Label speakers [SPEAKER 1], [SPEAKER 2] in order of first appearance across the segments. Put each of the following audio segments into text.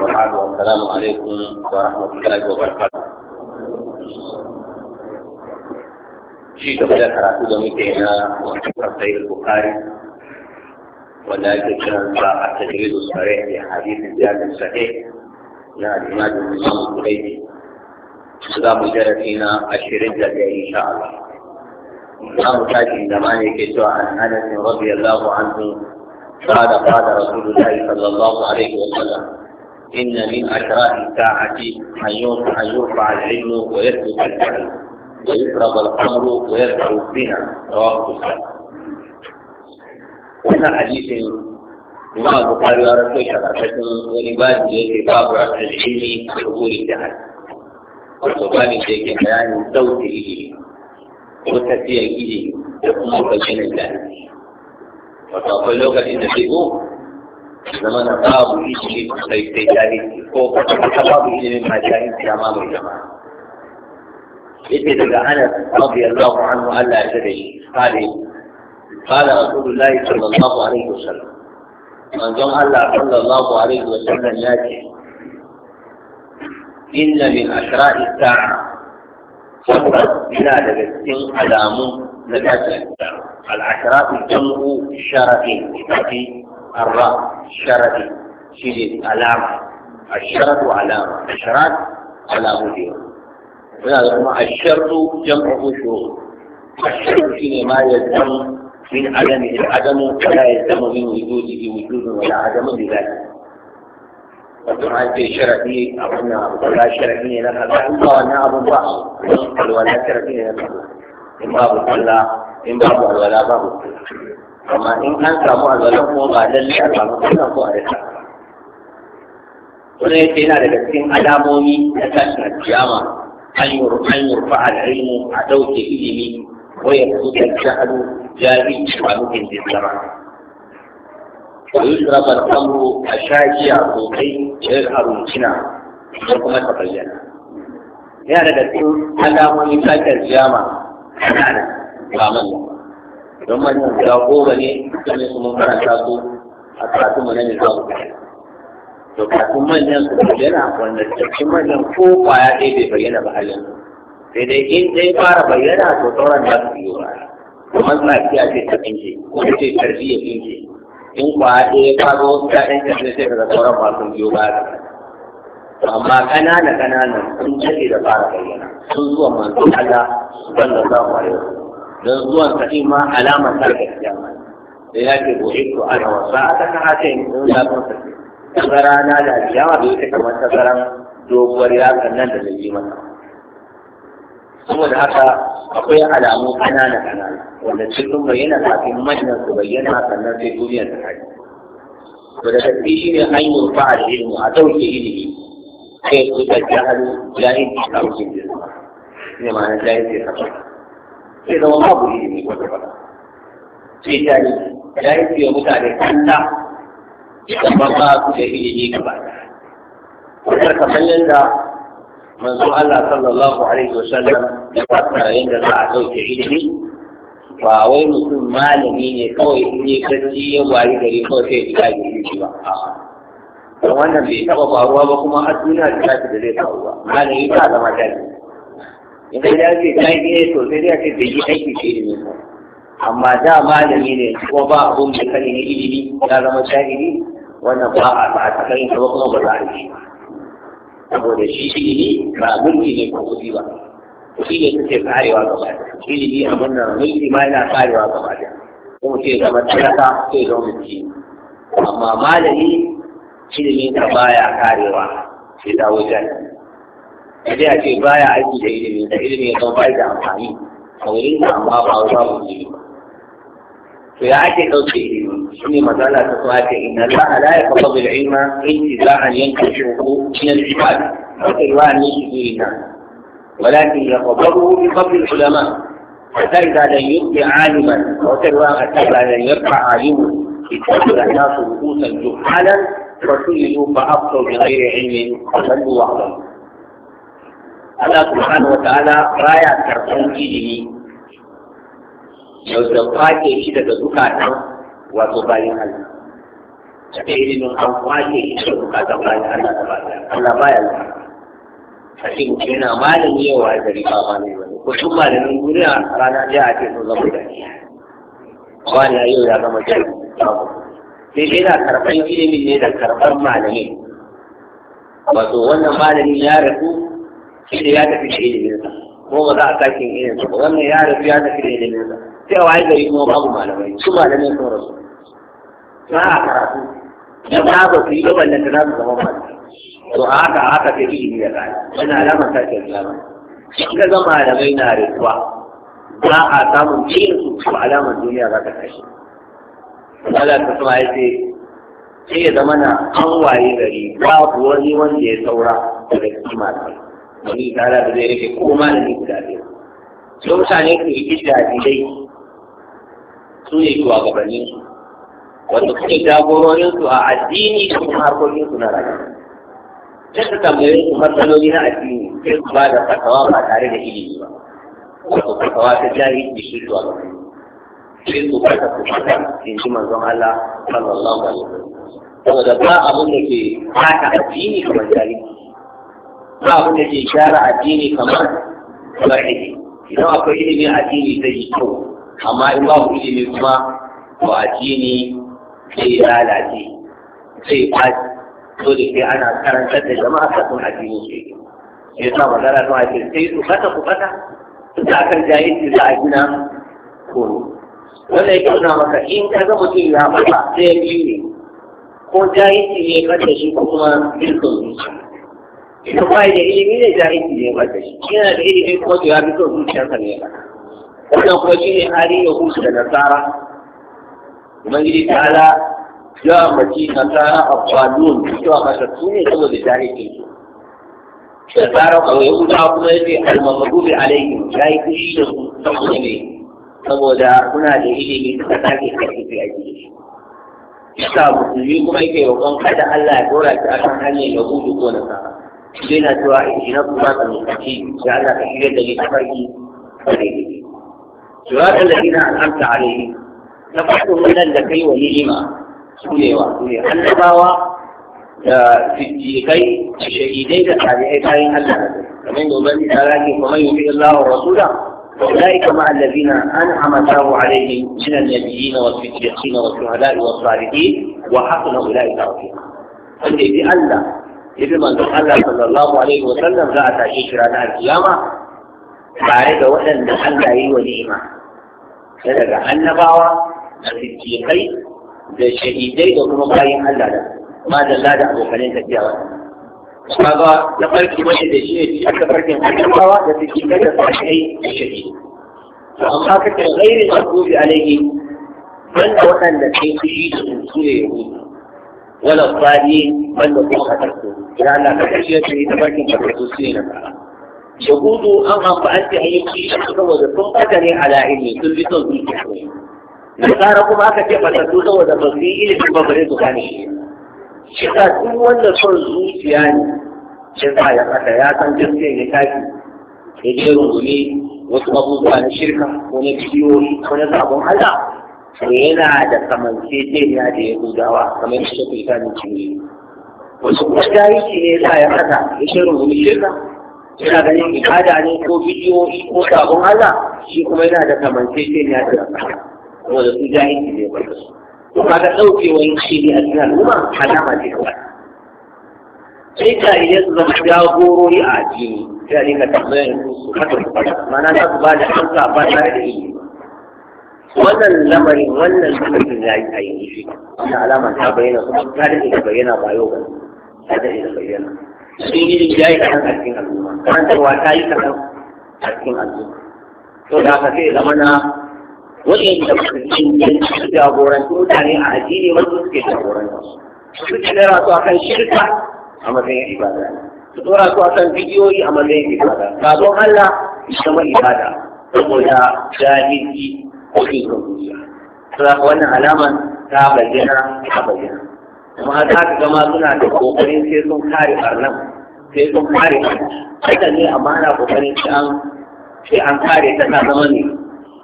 [SPEAKER 1] والحمد والسلام عليكم ورحمة الله وبركاته شيء تبدأ حراسو دميتنا وحفر سيد البخاري ونالك كان صاحب تجريد الصريح في لحديث الزيادة الصحيح يا نعم، الإمام الإمام الكريمي صدا مجرسينا أشرين جديد إن شاء الله نعم تاتي زمانه كتوى عن انس رضي الله عنه قال قال رسول الله صلى الله عليه وسلم إن من أشراف الساعة أن يرفع العلم ويثبت الجهل ويشرب الخمر ويرفع الزنا رواه مسلم وفي حديث ما البخاري ورسول شرعته ولباد يجري باب رفع العلم وقبول الجهل وباب يجري بيان صوت إليه وتسير إليه وكما بين الجهل وتقول لغة النبي zama na babu ilimi sosai sai jahilci ko kwata babu ilimin ma jahilci ya mamaye jama'a yake daga anas radiyallahu anhu Allah ya tada shi kale kala rasulullahi sallallahu alaihi wasallam manzon Allah sallallahu alaihi wasallam ya ce inna min ashra'i sa'a tabbas ina daga cikin alamu na tashin sa'a al-ashra'u jam'u sharafin tafi الراء شرطي شيء علامة الشرد علامة الشرد علامة هنا الشرط جمع شروط الشرد فيه ما يلزم من عدم العدم ولا يلزم من وجوده وجود ولا عدم بذلك وتم عن شرفي أبونا ولا شرفي لك الله وأنا أبو الله ولا شرفي لك إن باب الله إن باب ولا باب الله amma in an samu alwalan ko ba lalle a samu sallan ko a rika wani yake yana daga cikin alamomi na tashin kiyama an yurfa al'ilmu a ɗauke ilimi ko ya fito da sha'adu jari a nufin jinsara ويضرب الأمر أشاجع صوتي يظهر سنا وكما تبين يعني لكن هذا من فاتر الجامعة أنا بعمل don man ko goma ne dukkanin su mun karanta su a karatun mu na nizamu to kafin manyan su bayyana wanda cikin manyan ko kwaya ɗaya bai bayyana ba halin sai dai in dai fara bayyana to sauran da su wa kuma kamar tsakiya ce ta kinke ko ce tarbiyya kinke in kwaya ɗaya faro ta ɗan ne, sai daga sauran ba su biyo baya amma kanana kanana sun jade da fara bayyana sun zuwa manzo Allah sallallahu alaihi wasallam don zuwan sa ma alamar ta ga kiyama da ya ke ce bu'ithu ana wa sa'ataka hatain in da kun sa tazara na da kiyama bai ta kamar tazaran doguwar yakan nan da zai yi masa saboda haka akwai alamu ƙanana ƙanana wanda cikin bayyana kafin manyan su bayyana sannan sai duniyar ta kai to da tafi shi ne hanyar yi fa'a da ilimi a dauke ilimi sai ku ta jahalu jahilci a wucin jirgin ne ma'ana jahilci a sai zama babu ilimi wata wata sai ta yi ya yi fiye mutane kanta idan ba ba su da ilimi gaba wata kamar yadda manzo Allah sallallahu alaihi wa sallam ya fata yadda za a dauke ilimi ba wai mutum malami ne kawai in yi gaji ya wari gari kawai sai ya ga ilimi ba a'a wannan bai taba faruwa ba kuma har duniya ta da zai faruwa malami ba zama dalili idan ya ce kai ne to sai ya ce bai yi aiki da ilimi amma da malami ne kuma ba abun da kare ne ilimi ya zama shahidi wannan ba a ba a kai ba kuma ba za a yi saboda shi ilimi ba mulki ne ko kuɗi ba shi ne suke karewa gaba da ilimi a wannan mulki ma yana karewa gaba da kuma sai zama talaka sai zama mulki amma malami ilimin ka baya karewa sai dawo wajen. da dai a ce baya aiki da ilimi da ilimi ya zama bai da amfani a wurin da amma ba a zuwa musulmi ba to ya ake ɗauke ilimi shi ne matsala ta kuma ake inna za a la ya kafa bil ilma in za a yanka shi ko min al ibad wata riwaya ne shi zuri na walakin ya qabaru bi qabli al ulama hatta idza lam yubqi aliman wata riwaya hatta idza lam yabqa alimun اتخذ الناس رؤوسا جهالا فسئلوا فافتوا بغير علم وضلوا وعظموا Allah subhanahu wa ta'ala baya karɓar ilimi yau da kwake shi daga zukatan wato bayan Allah da ilimin an kwake shi daga zukatan bayan Allah da bayan Allah baya zuwa kashi mutum na malami yawa wa gari ba ne wani ko tun malamin duniya rana ɗaya a ce sun zama da ni wani yau ya zama jami'i sai dai na karɓar ilimin ne da karɓar malamin wato wannan malamin ya rasu shi ne ya tafi da iliminsa ko ba za a sake irin ba wannan ya rasu ya tafi da iliminsa sai a waye gari kuma babu malamai su malamai sun rasu ba a karatu da ba ba su yi ba ballanta za su zama malamai to a haka haka ta ilimi ya kai wani alamar ta ke alama in ka zama malamai na rasuwa ba a samun cin su alamar duniya za ta kashe Allah ta sama ya ce sai ya zama na an waye gari babu wani wanda ya saura daga cikin malamai wani tara da zai rike ko malami guda biyu su mutane su yi jajilai su ne gabanin su wanda kuke jagororin su a addini su kuma harkokin su na rayuwa sai su tambaye su matsaloli na addini sai su ba da fatawa ba tare da ilimi ba wato fatawa ta jari da shi su. sai su barka su fata in ji manzon Allah sallallahu alaihi wasallam saboda ba abin da ke haka addini kamar jari ba abin da ke gyara addini kamar kamar ilimi idan akwai ilimin addini zai yi kyau amma in babu ilimi kuma to addini zai lalace zai ɓaci dole sai ana karantar da jama'a kafin addini ke yi ya magana ta ake sai su kata ku kata su ta kan jahilci za a gina koro wanda ya nuna maka in ka ga mutum ya fata sai ya biyu ne ko jahilci ne kan da shi kuma bin son ita ba da ilimi ne jahilci ne ba shi yana da ilimi kuma to ya fi zuciyar zuciyarsa ne ba wannan kuma shi ne hali ya hutu da nasara ubangiji ta'ala ya ambaci nasara a kwalun cewa matattu ne saboda jahilci Da nasara kawai ya huta kuma ya ce almamadubi alaihim ya yi fushi da su saboda ne saboda kuna da ilimi suka sake karfi a jiki Isa musulmi kuma yake roƙon kada Allah ya dora shi akan hanyar Yahudu ko Nasara. yana cewa idan kuma ta lokaci ya Allah ka shirya da ni tafarki kare صراط الذين أنعمت عليهم تفحتهم من الذكي والنعمة سنيوا سنيوا النباوة في الديكي الشهيدين التابعين كاين الله فمن يبني ذلك ومن يطيع الله ورسوله أولئك مع الذين أنعم الله عليهم من النبيين والصديقين والشهداء والصالحين وحسن أولئك رفيقا فالذي الله idan manzon Allah sallallahu alaihi wa sallam za a tashi kira na alkiyama tare da waɗanda Allah yi wa ni'ima da daga annabawa da siddiqai da shahidai da kuma bayin Allah da ma da Allah da abokanin tafiya wannan kaga na farki wani da shi ne shi aka farkin annabawa da siddiqai da sahihai da shahidai to amma kake gairin abubi alaihi banda waɗanda sai su yi da su ne yahudu wala fadi wanda kuma hatarku ya Allah ka kashe su ne ta bakin karkatu su ne na fara yahudu an hafa an ta yi shi saboda sun fata ne ala ilmi sun bi son zuciya ne nasara kuma aka ce fatattu saboda ba su yi ilimi ba bare su gane shi ka duk wanda son zuciya ne shi sa ya fata ya san gaskiya ya tafi ya je rungumi wasu abubuwa na shirka ko na bidiyoyi ko na sabon Allah yana da kamanceceniya da gudawa kamar shi shafi ta ne cire wasu kuma tarihi ne sa ya haka ya ce rubuni shirka yana ganin ibada ne ko bidiyoyi ko sabon Allah shi kuma yana da kamanceceniya da yahudawa wanda su jahilci ne ba su to ɗauke wani shi ne a cikin al'umma alama ce kawai sai ka yanzu zama jagorori a addini sai a dinga tambayar su haka su fada ma'ana za su ba da hanka ba tare da ilimi wannan lamarin wannan lamarin ya yi ainihi shi wata alama ta bayyana kuma ta daɗe da bayyana ba yau ba ta daɗe da bayyana sun yi ya yi kaɗan a al'umma karantarwa ta yi kaɗan a al'umma to da haka sai zama na wajen da mutum ya ci jagoranci mutane a addini wanda suke jagoranta. su ci rasu a kan shirka a matsayin ibada su dora su akan bidiyoyi a matsayin ibada sabon Allah ya zama ibada saboda jahilci kuɗi ga zuciya wannan alama ta bayyana ta bayyana kuma har za ka gama suna da kokarin sai sun kare barnan sai sun kare barnan ne amma ana kokarin sai an sai an kare ta ta zama ne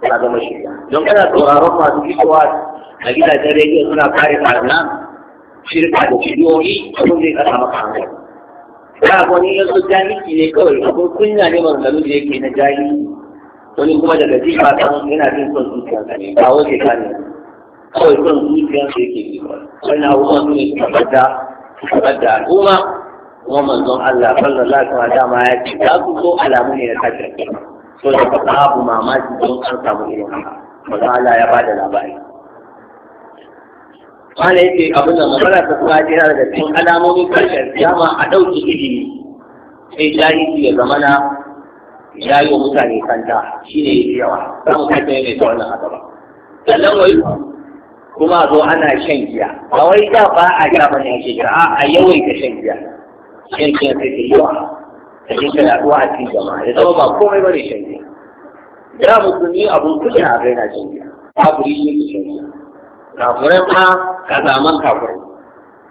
[SPEAKER 1] ta zama shi. don kana sauraron masu fitowa a gidajen rediyo suna kare barnan shirka da shidiyoyi abin zai kasa maka hankali za a gwani yanzu jahilci ne kawai akwai kunya ne maganganu da yake na jahilci wani kuma daga ji ba kan yana jin son zuciya ne ba wace ka ne kawai son zuciya su yake yi wani abubuwan su ne su bada su bada al'umma kuma manzon Allah sallallahu alaihi wasallam dama ya ce za su so alamu ne na kafin so da ka babu mamaki don an samu irin haka manzon Allah ya da labari wani yake abin da magana ta kuma jira daga cikin alamomin karshen kiyama a ɗauki ilimi sai jahili ya zamana ya yi wa mutane kanta shi ne yake yawa za mu kanta ne ta wannan haka ba sannan wai kuma zo ana shan giya a wai da ba a sha ba ne ake a yawaita shan giya shan giya sai ta yawa ta je ta yaduwa a cikin jama'a ya zama ba komai ba ne shan giya da musulmi abun kuɗi a kai na shan giya kafiri shi ne shan giya kafirai ma kazaman kafirai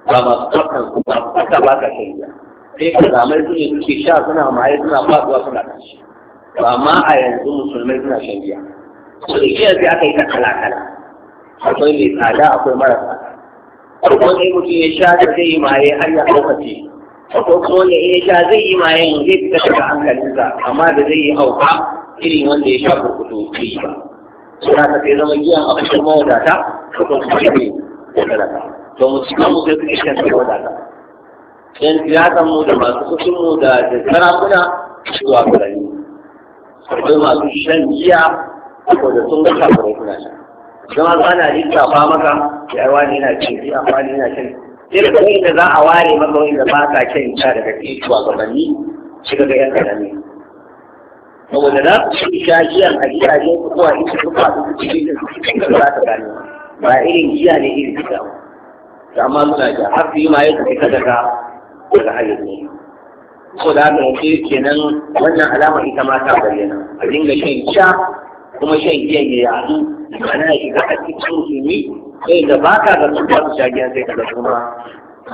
[SPEAKER 1] ba masu tsakan su ba ba ka shan giya sai kazamai su ne suke sha suna maye suna faduwa suna tashi to amma a yanzu musulmai suna shan giya to da giya sai aka yi ta kala kala akwai mai tsada akwai mara tsada farko sai mutum ya sha da zai yi maye har ya lokaci farko kuma wanda ya sha zai yi maye zai fita daga hankalinsa amma da zai yi hauka irin wanda ya sha kurkutu bai yi ba suna ka sai zama giyan a cikin mawadata ko kuma shi ne ko talaka to mu cikin mu sai suke shan mawadata Yanzu ya mu da masu kusin da da sarakuna zuwa birane akwai masu shan giya saboda sun ga kafirai suna sha don haka ana lissafa maka ya wani na cin giya ni na cin sai da wani da za a ware maka wani da ba ka cin sha daga cikin shugabanni shi ga yan karami saboda za su ci sha giyan a gidajen su kowa ita su faɗi su cikin cikin da za ka gano ba irin giya ne irin giya ba amma suna ja har su yi ma yadda suka daga daga hayyar ne ko da haka ke kenan wannan alama ita ma ta bayyana a dinga shan sha kuma shan giya ya yaɗu ana shiga a cikin jini sai da ba ka ga sun su sha giya sai ka ga kuma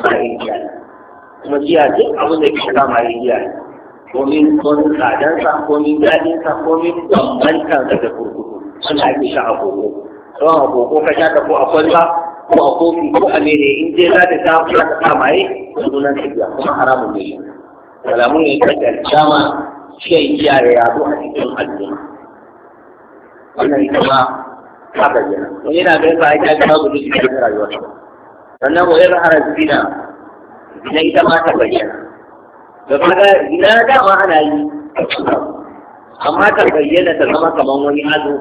[SPEAKER 1] sai giya kuma giya duk abin da ke shiga ma yi giya komin komin tsadansa komin daɗinsa komin bambantansa da kurkuku suna ake sha a koko don a koko ka sha ta ko a kwalba ko a kofi ko a mene in je za ta sha ta kamaye sunan tafiya kuma haramun ne alamu ne ta kyarkyama sai iya da yaro a cikin al'umma wannan ita ma haka gina wani yana gaisa ya kyarkyama babu duk cikin rayuwa sannan wa irin harar zina zina ita ma ta bayyana da kaga zina dama ana yi amma ta bayyana ta zama kamar wani hazo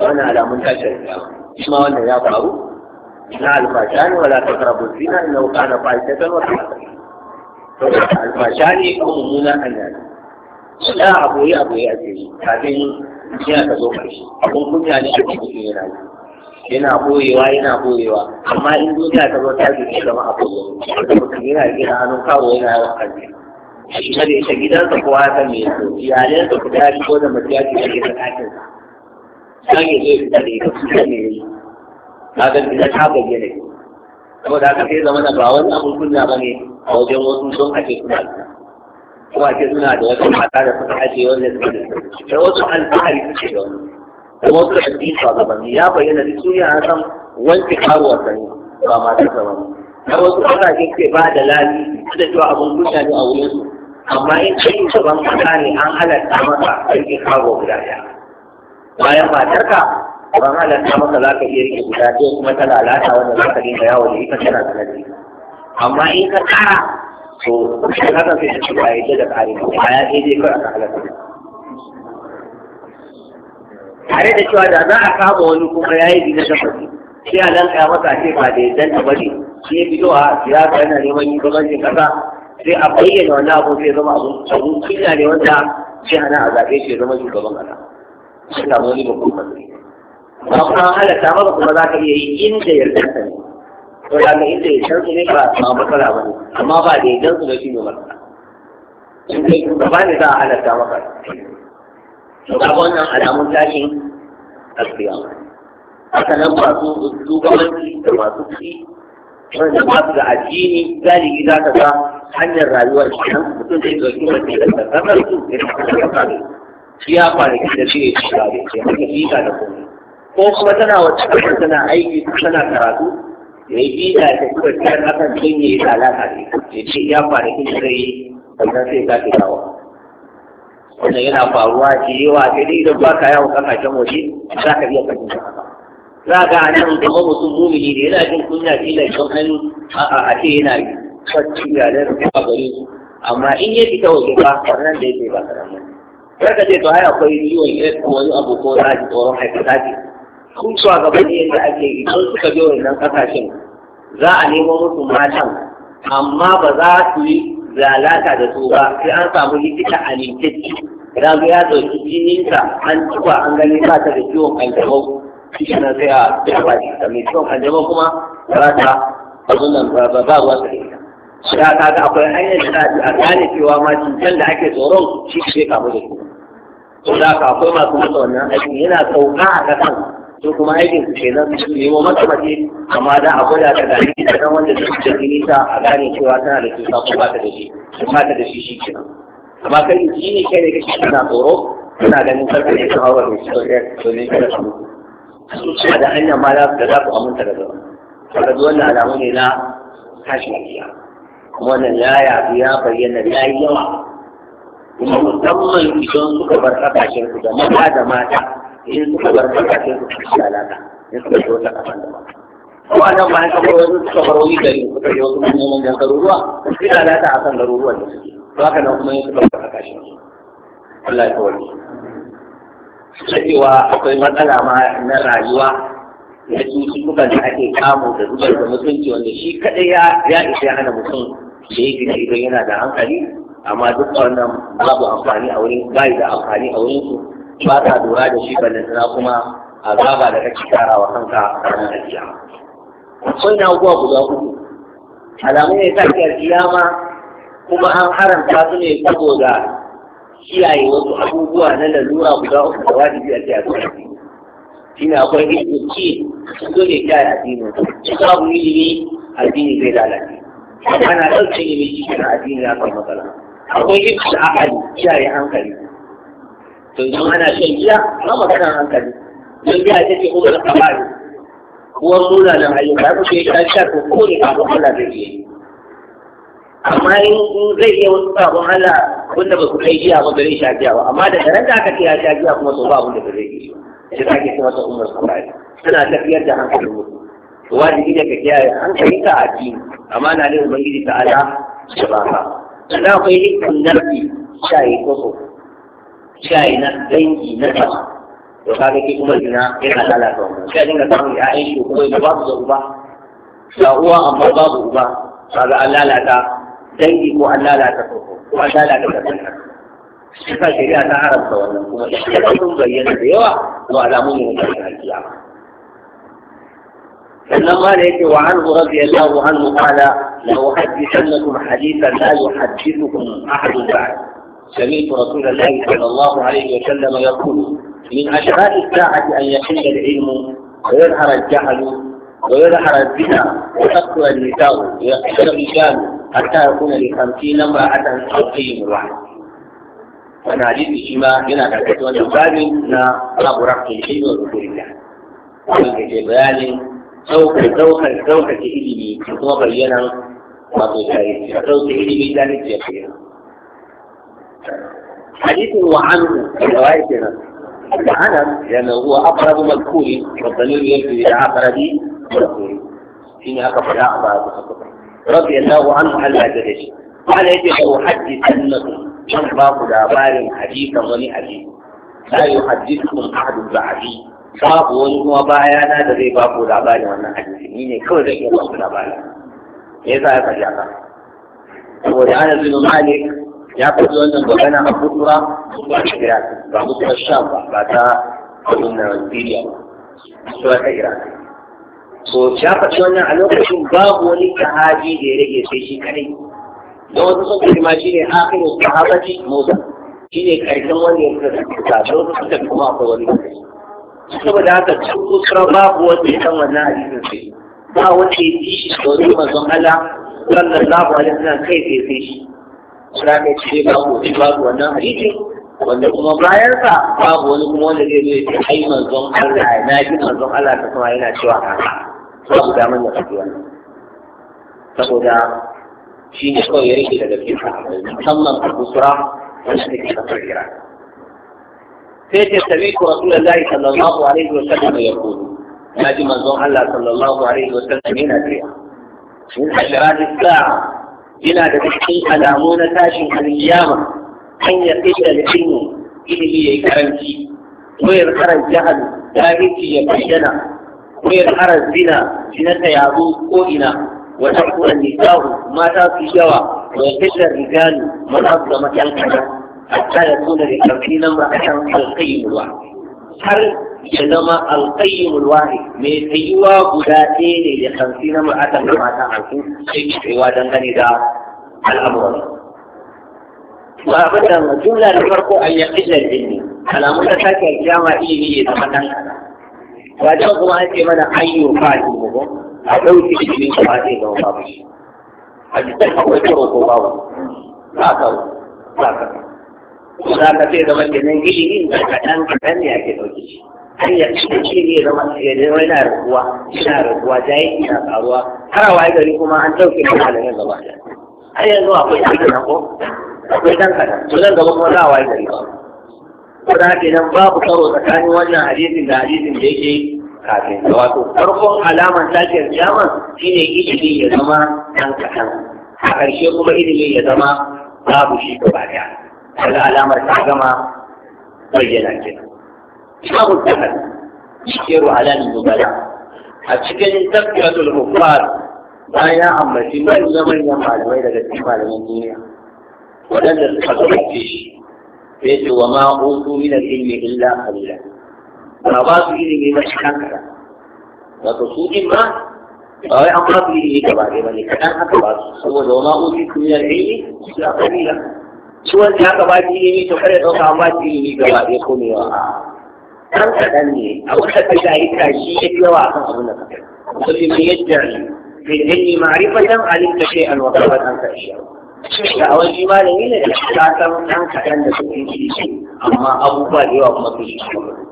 [SPEAKER 1] wani alamun tashin shi ma wannan ya faru na alfasha ne wala ta karabu zina inna kana fa'idatan wa ta'ala alfasha ne ko mummunan hanya ne da a boye a boye ake yi kafin yana ka zo ƙarshe abin kunya ne a cikin yana yi yana boyewa yana boyewa amma in zo ta zo ta zuke zama a boye mutum yana gina hannun kawo yana yawan kanji shi ne ita gidansa kowa ta mai so iyalansa ku da ko da mutum ya ce ya gina ɗakin sa sai ya zo ya fita da ita su ne ya yi kaga ta bayyana saboda haka sai zama da ba wani abin kunya ba ne a wajen wasu don ake suna Kuma ake suna da wata mata da suka ake wanda suka da sai wasu alfahari suke da wani kuma wasu da biyu shugabanni ya bayyana da su yana san wanke karuwar sani ba masu zama ba har wasu kasashe ke ba da lafi da cewa abun kunya ne a wurin su amma in kai shugaban kasa ne an halatta a wanke karuwar guda ɗaya bayan matarka ban halatta maka za ka iya rike guda ɗaya kuma ta lalata wanda za ka dinga yawo da ita tana sanadi amma in ka tsara to hakan sai ta shiga yadda da ƙari a ya ɗaya dai a aka halatta tare da cewa da za a kama wani kuma ya yi zina da fasi sai a nan kaya masa ce ba da yadda ta bari shi ya fito a siyasa yana neman yi gabancin kasa sai a bayyana wani abu sai zama abun kunya ne wanda sai a nan a zaɓe shi ya zama shugaban kasa. Suna wani babban matsayi. amma halatta maka kuma za ka iya yi inda yarda ka ne to da ka inda yarda su ne ba ma matsala ba ne amma ba da yarda su ne shi ne matsala in kai gaba ne za a halatta maka to ga wannan alamun tashin alkiyama haka nan masu shugabanci da masu kuɗi wanda ba su da addini galibi za ka ga hanyar rayuwar kenan mutum zai ɗauki mace da tsakarar su da tsakarar su ya kwanaki da shi ya shi ba da ke hanyar fika da komai ko kuma tana wata kuma tana aiki ko tana karatu ya yi bida ta kuma tiyar hakan sai ne ya alaƙa ne ya ce ya kwanakin da zai yi sai ka fi dawo wannan yana faruwa da yawa sai dai idan ba ka yawo kasashen waje za ka iya fahimta haka za ga a nan kuma mutum mumini da yana jin kunya kila shan hannu a ce yana yi kwanci da nan a gari amma in ya fita waje ba wannan da yake ba karamin kar ka ce to ai akwai yiwon ko wani abu ko za ji tsoron haifar haifata ce kun shugabanni yadda ake yi don suka biyo wannan kasashen za a nemo musu matan amma ba za su yi lalata da su ba sai an samu likita amintacci ya zo ya ɗauki jininsa an tuba an gani ba ta da ciwon kanjamau shi na sai a tuba shi mai ciwon kanjamau kuma ba ta abin nan ba ba ruwa ta da ita ya kaga akwai hanyar da za a gane cewa ma cutar da ake tsoron shi ke kamu da su. Saboda haka akwai masu masa wannan aiki yana sauka a kasan su kuma aikin su kenan su nemo mata mace amma da a gwada ta gani ta kan wanda su da jini ta a gane cewa tana da cuta ko ba ta da shi su ba ta da shi shi kenan amma kai shi ne kai ne kake kana tsoro kana ganin karfe ne su hawa mai cikin ya to ne kira su mutu su ce da hanya ma da za ku aminta da zama kaga wannan alamu ne na kashi kiya wannan ya yafi ya bayyana ya yi yawa musamman idan suka bar kasashen su da mata da mata in suka bar kasa sai su shi alaka in suka shi wata kasan da ba wannan bayan kamar wasu suka bar wani gari suka yi wasu manyan manyan garuruwa sai alaka a kan garuruwan da suke to haka nan kuma in suka bar kasa shi Allah ya kawai cewa akwai matsala ma na rayuwa na cututtukan da ake kamu da zubar da mutunci wanda shi kadai ya ya isa hana mutum da ya gina idan yana da hankali amma duk wannan babu amfani a wurin bai da amfani a wurin su ba ta lura da shi ballantana kuma azaba da kake kara wa kanka ranar Sun sunna abubuwa guda uku alamu ne ta ke alkiyama kuma an haramta su ne saboda kiyaye wasu abubuwa na lalura guda uku da wajibi a kiyaye shi ne akwai ilimi dole kiyaye addinin su yi ilimi addini zai lalace ana ɗauke ilimi shi na addini ya kai matsala akwai ilimi da akali kiyaye hankali to idan ana shan giya ba maganar hankali don giya ta ce umar kabari uwan munanan ayyuka ku ce ta sha ko ko ne kafin kula zai yi amma in zai iya wasu sabon Allah wanda ba ku kai giya ba bare sha giya ba amma da nan aka ce ya sha giya kuma to ba abin da ba zai yi sai ta ke ta umar kabari suna tafiyar da hankalin mutum wajibi ne ka kiyaye hankalinka a addini amma na ne ubangiji ta ala shi ba ka sannan akwai hikmin narki shayi ko so shayi na dangi na kasu to kaga ke kuma zina yana lalata wannan sai dinga samun ya'yan shi ko da babu da uba ga uwa amma babu uba kaga an lalata dangi ko an lalata koko ko an lalata kasanta shi ka shari'a ta haramta wannan kuma da sun bayyana da yawa to alamu ne na kashin kiyama sannan ma da yake wa an rabbi Allahu anhu qala la uhaddithannakum hadithan la yuhaddithukum ahadun ba'd سمعت رسول الله صلى الله عليه وسلم يقول من أشراط الساعة أن يحل العلم ويظهر الجهل ويظهر الزنا وتكثر النساء ويكثر الرجال حتى يكون لخمسين امرأة قيم الواحد وانا عجبت شما هنا تحدث عن الباب نا طلب رفع الحلم ورسول الله ومن في بيان سوف سوف سوف تهدي بي ثم بينا ما تشارك سوف تهدي بي ذلك يقينا حديث وعنه رواية كده لأنه هو أقرب مذكور والدليل يلجأ إلى أقرب مذكور فيما أقرب أعضاء رضي الله عنه على ذلك قال يجب أحدثنكم من باقوا لابار حديثا حديث لا يحدثكم أحد بعدي باب هو kuma baya na da zai baku labarin wannan hadisi ni ne kawai zai iya baku labarin ya sa ya faɗi haka ana zuwa malik ya faɗi wannan magana a kutura ba ta iraq ba kutura sham ba ta wannan syria sura ta iraq so ya faɗi wannan a lokacin babu wani sahabi da ya rage sai shi kadai Don wasu sun kai ma shine akhiru sahabati musa shine karshen wanda ya fita da su wasu suka kuma akwai wani saboda haka cikin kutura babu wani ya san wannan hadisin sai ba wanda ya ji shi da wani manzon Allah sallallahu alaihi wasallam kai sai sai shi ranar ce babu wani babu wannan hadisi wanda kuma bayan sa babu wani kuma wanda zai zai ai manzon Allah na ji manzon Allah ta kuma yana cewa haka babu daman ya faɗi wannan saboda shi ne kawai ya rike daga cikin sahabbai musamman a kusura wanda ke kasar Iran sai ta sami ku rasu da rasulullahi sallallahu alaihi wa sallam ya kudu na ji manzon Allah sallallahu alaihi wa sallam yana cewa min hasharat as-sa'a yana da cikin alamu na tashin aliyama hanyar ita da ilmi ilimi ya yi karanci ko ya karar jahal jahilci ya bayyana ko ya karar zina zinata yaro ko ina wata kuma nisahu mata su yawa wa fitar rigalu maza su zama kyan A hatta ya tuna da kyauki nan ba a kan alƙayin ruwa har ya zama alƙayyumul wahi mai tsayuwa guda ɗaya ne da kansi na ma'atan da mata hanku sai ke tsayuwa dangane da al'amuran ba abin da jumla da farko an yi ƙillar jini, alamun da sake alkiyama ilimi ne zama ɗan wajen kuma an ce mana a fati ko a ɗauki ilimin kuma zai zama babu shi a jikin akwai kyau ko babu ba ka ba ka za ka sai zama kenan gishiri da kaɗan kaɗan ne ake ɗauki shi hanyar cikin gishiri ya zama ya zama yana raguwa yana raguwa jayi yana ƙaruwa har a waye gari kuma an ɗauke da malamin gaba ɗaya har yanzu akwai ɗan kaɗan ko akwai ɗan kaɗan to nan gaba kuma za a waye gari ba ko da kenan babu karo tsakanin wannan hadisin da hadisin da yake kafin da wato farkon alaman safiyar kiyama shine ilimi ya zama ɗan kaɗan a ƙarshe kuma ilimi ya zama babu shi gaba ɗaya daga alamar ta gama bayyana ke imamu zahar shiru halal mubala a cikin tafkiratul huffar bayan ya ambaci zaman manyan malamai daga cikin malaman duniya waɗanda suka zubace shi sai ce wa ma utu min al-ilmi illa qalila ba ba su ilimi ba cikin kaɗan wato su in ba, ba wai an ba su ilimi gaba ɗaya ba ne kaɗan aka ba su saboda wa ma utu min al-ilmi illa qalila shi wanda ya gaba ilimi to kare ɗauka an ba shi ilimi gaba ɗaya ko mewa kan kaɗan ne a wata ka shayi ta shi ya fi yawa akan abin da ka kai musulmi mai yadda fi ilmi ma'rifatan alimta shay'an wa kafa an ka shi da a wani malami ne da ta san kan kaɗan da sun fi shi amma abubuwa da yawa kuma sun shi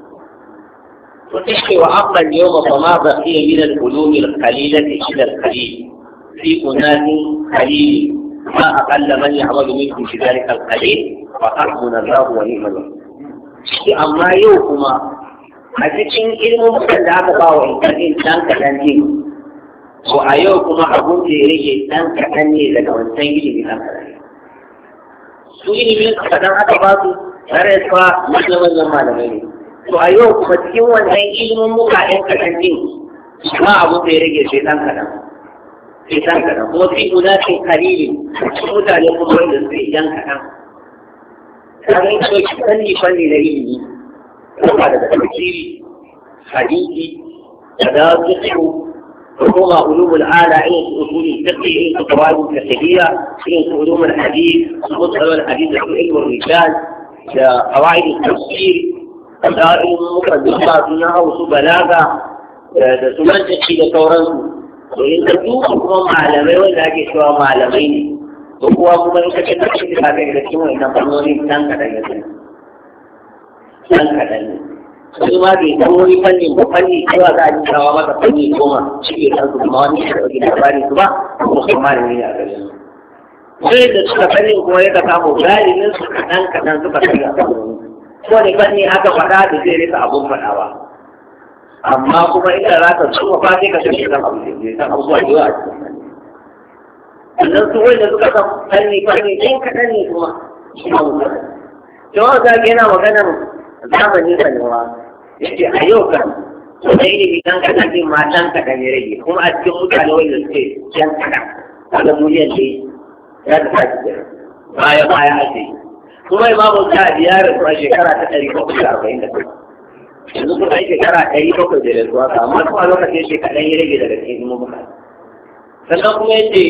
[SPEAKER 1] وتشكي وأما اليوم فما بقي من العلوم القليلة إلى القليل في أناس قليل ما أقل من يعمل منكم في ذلك القليل فحسبنا الله ونعم الوكيل shi amma yau kuma a cikin ilmin da aka ba wa ɗan kaɗan ne ko a yau kuma abun da ya rage ɗan kaɗan ne daga wancan ilimin ɗan kaɗan su ilimin kaɗan aka ba su tare da malamai ne to a yau kuma cikin wannan ɗan kaɗan abun da ya rage sai ɗan kaɗan sai هناك kaɗan kuma fi gunatin kalili mutane kuma wanda su yi dan kaɗan kaga in ɗauki fanni fanni na ilimi kuma علوم الآلة عين أصول الفقه عين القواعد الفقهية عين علوم الحديث أصول علوم الحديث علم الرجال قواعد التفسير قواعد مقدمة سنة وسبلاغة سمنتقي لتورنسو domin ka duba kuma malamai wanda ake cewa malamai ne ko kuwa kuma in ka ce ta ce ka kai da cikin wannan fannoni nan kaɗan ya sani nan kaɗan ne su ma bai san wani fanni ba fanni cewa za a ji kawo masa fanni goma shi ke kan su kuma wani shi ɗauki labarin su ba kuma su malami ne a gare su sai da suka fanni kuma ya ka samu galibin su kaɗan kaɗan suka kai a fannoni ko ne fanni aka faɗa da zai rika abun faɗa ba amma kuma ina za ka tsufa ba sai ka kashe kan abu da abubuwa da yawa sannan su wanda suka san fanni fanni ɗin kaɗan ne kuma shi ma mutum to wa za ka yana maganar zamani sanewa yake a yau kan wanda ilimi dan kaɗan ɗin ma dan kaɗan ya rage kuma a cikin mutane wanda suke yan kaɗan wanda miliyan ne ya ta tafi baya baya a ce. kuma babu ta biyar a shekara ta ɗari bakwai da arba'in da bakwai yanzu aiki ai shekara ɗari bakwai da rasuwa ka amma kuma lokacin shi kaɗan ya rage daga cikin ilmuka sannan kuma ya ce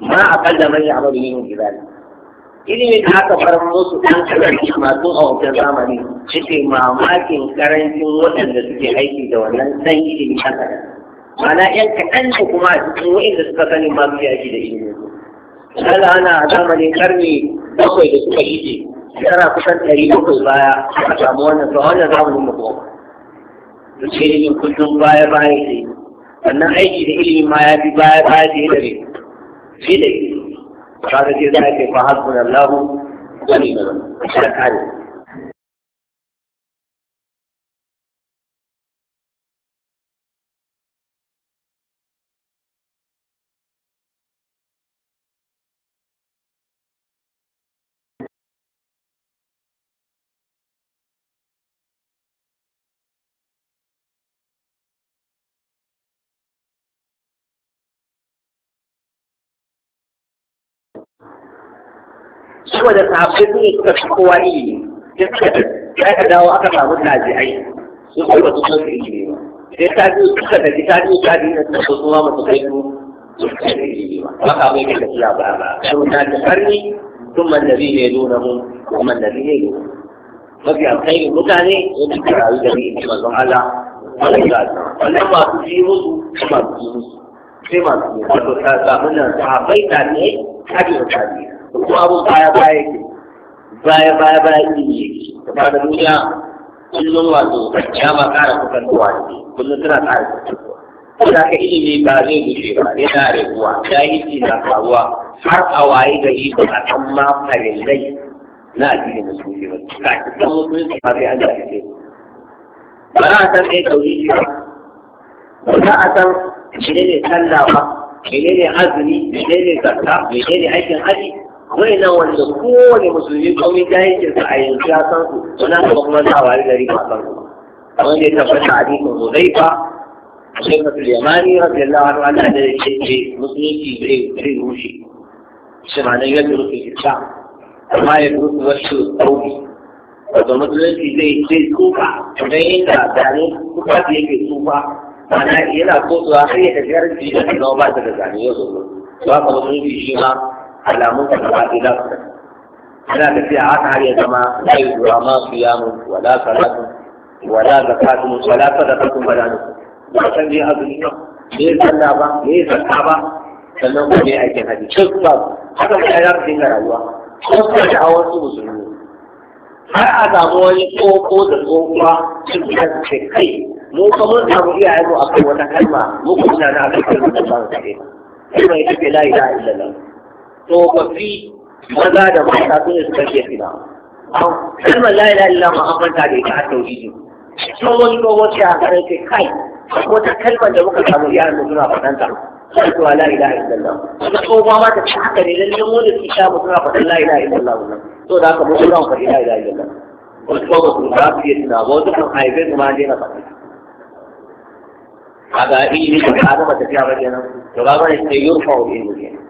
[SPEAKER 1] ma a da manya amalu yin gizali ilimin da aka fara musu ɗan karanci masu a wancan zamani ke mamakin karancin waɗanda suke aiki da wannan san ilimi haka. kaɗan mana ‘yan kaɗan ne kuma a cikin da suka sani ma su aiki da ilimi. Allah ana zamanin karni bakwai da suka ije shekara kusan ɗari bakwai baya a samu wannan ba wannan zamanin mu kuma to ce ilimin kullum baya baya ne sannan aiki da ilimin ma ya fi baya baya da yadda ne shi da ilimi kaga sai za a ce Wani hasbunallahu wa ni'mal kare? شو ده تعبتني تقوالي ثم الذين يدونهم ثم الذين يدونهم وفي الخير المتعني يمكن على الجميع كما قال الله ولا يزال ولما تجيبوا كما تجيبوا كما تجيبوا فقط هذا من الصحابين تعني حديث تعني kuma abun baya baya ke baya baya baya ke yi ba da duniya kullum wato ya ba ƙara kusantowa ne kullum tana ƙara kusantowa da ka ilimi ba zai gushe ba yana raguwa jahilci na faruwa har a waye gari ba a kan ma farillai na addinin musulmi ba ka san musulunci ba sai an jahilce ba za a san ɗaya tauri ba ba za a san menene sallah ba ne azumi menene zakka ne aikin haji wai nan wanda kowane musulmi kawai jahilcin sa a yanzu ya san su suna kuma kuma ta wari gari ba san su kamar da ya tabbata a zai jikin hudaifa shekha sulemani radiyallahu anhu ana da ya ce musulunci zai rushe shi ma nan yadda rufe islam amma ya rufe wasu tsauri wato musulunci zai zai tsufa idan yadda zane kuma da yake tsufa ma'ana yana ko tsuwa har ya tafi har da ba ta da zane ya zo ba. ba ka musulunci shi ma alamun ka gaba ɗaya za su ana tafiya haka har ya zama la yudra ma siyamun wala salatun wala zakatun wala sadaqatun wala nusuk ba san me azumi ba me sallah ba me zakka ba sannan ko me aikin haji duk ba haka mutane za su dinga rayuwa ko kuma da hawan su musulmi har a samu wani tsoko da tsokuwa sun kasance kai mu ka mun samu a kan wata kalma mu kuma na a akan kalmar da ba su kai kuma ita ce la ilaha illallah tsofaffi maza da mata su ne suka ke fila kalmar la ilaha illa ma an da ita a tauhidi tsohon tsohon ce a kare ce kai wata kalmar da muka samu yaran da suna faɗan faɗanta sai kuwa la ilaha illallah suka tsohuwa ma ta ci haka ne lalle mu da su sha mu suna faɗan la ilaha illallah wannan to da haka mu suna faɗi la ilaha illallah wasu ba su ba su yi suna ba wasu kan haife su ma daina faɗi a ga ilimi da ka zama tafiya ba kenan to ba ba ne sai yurfa wa ilimi kenan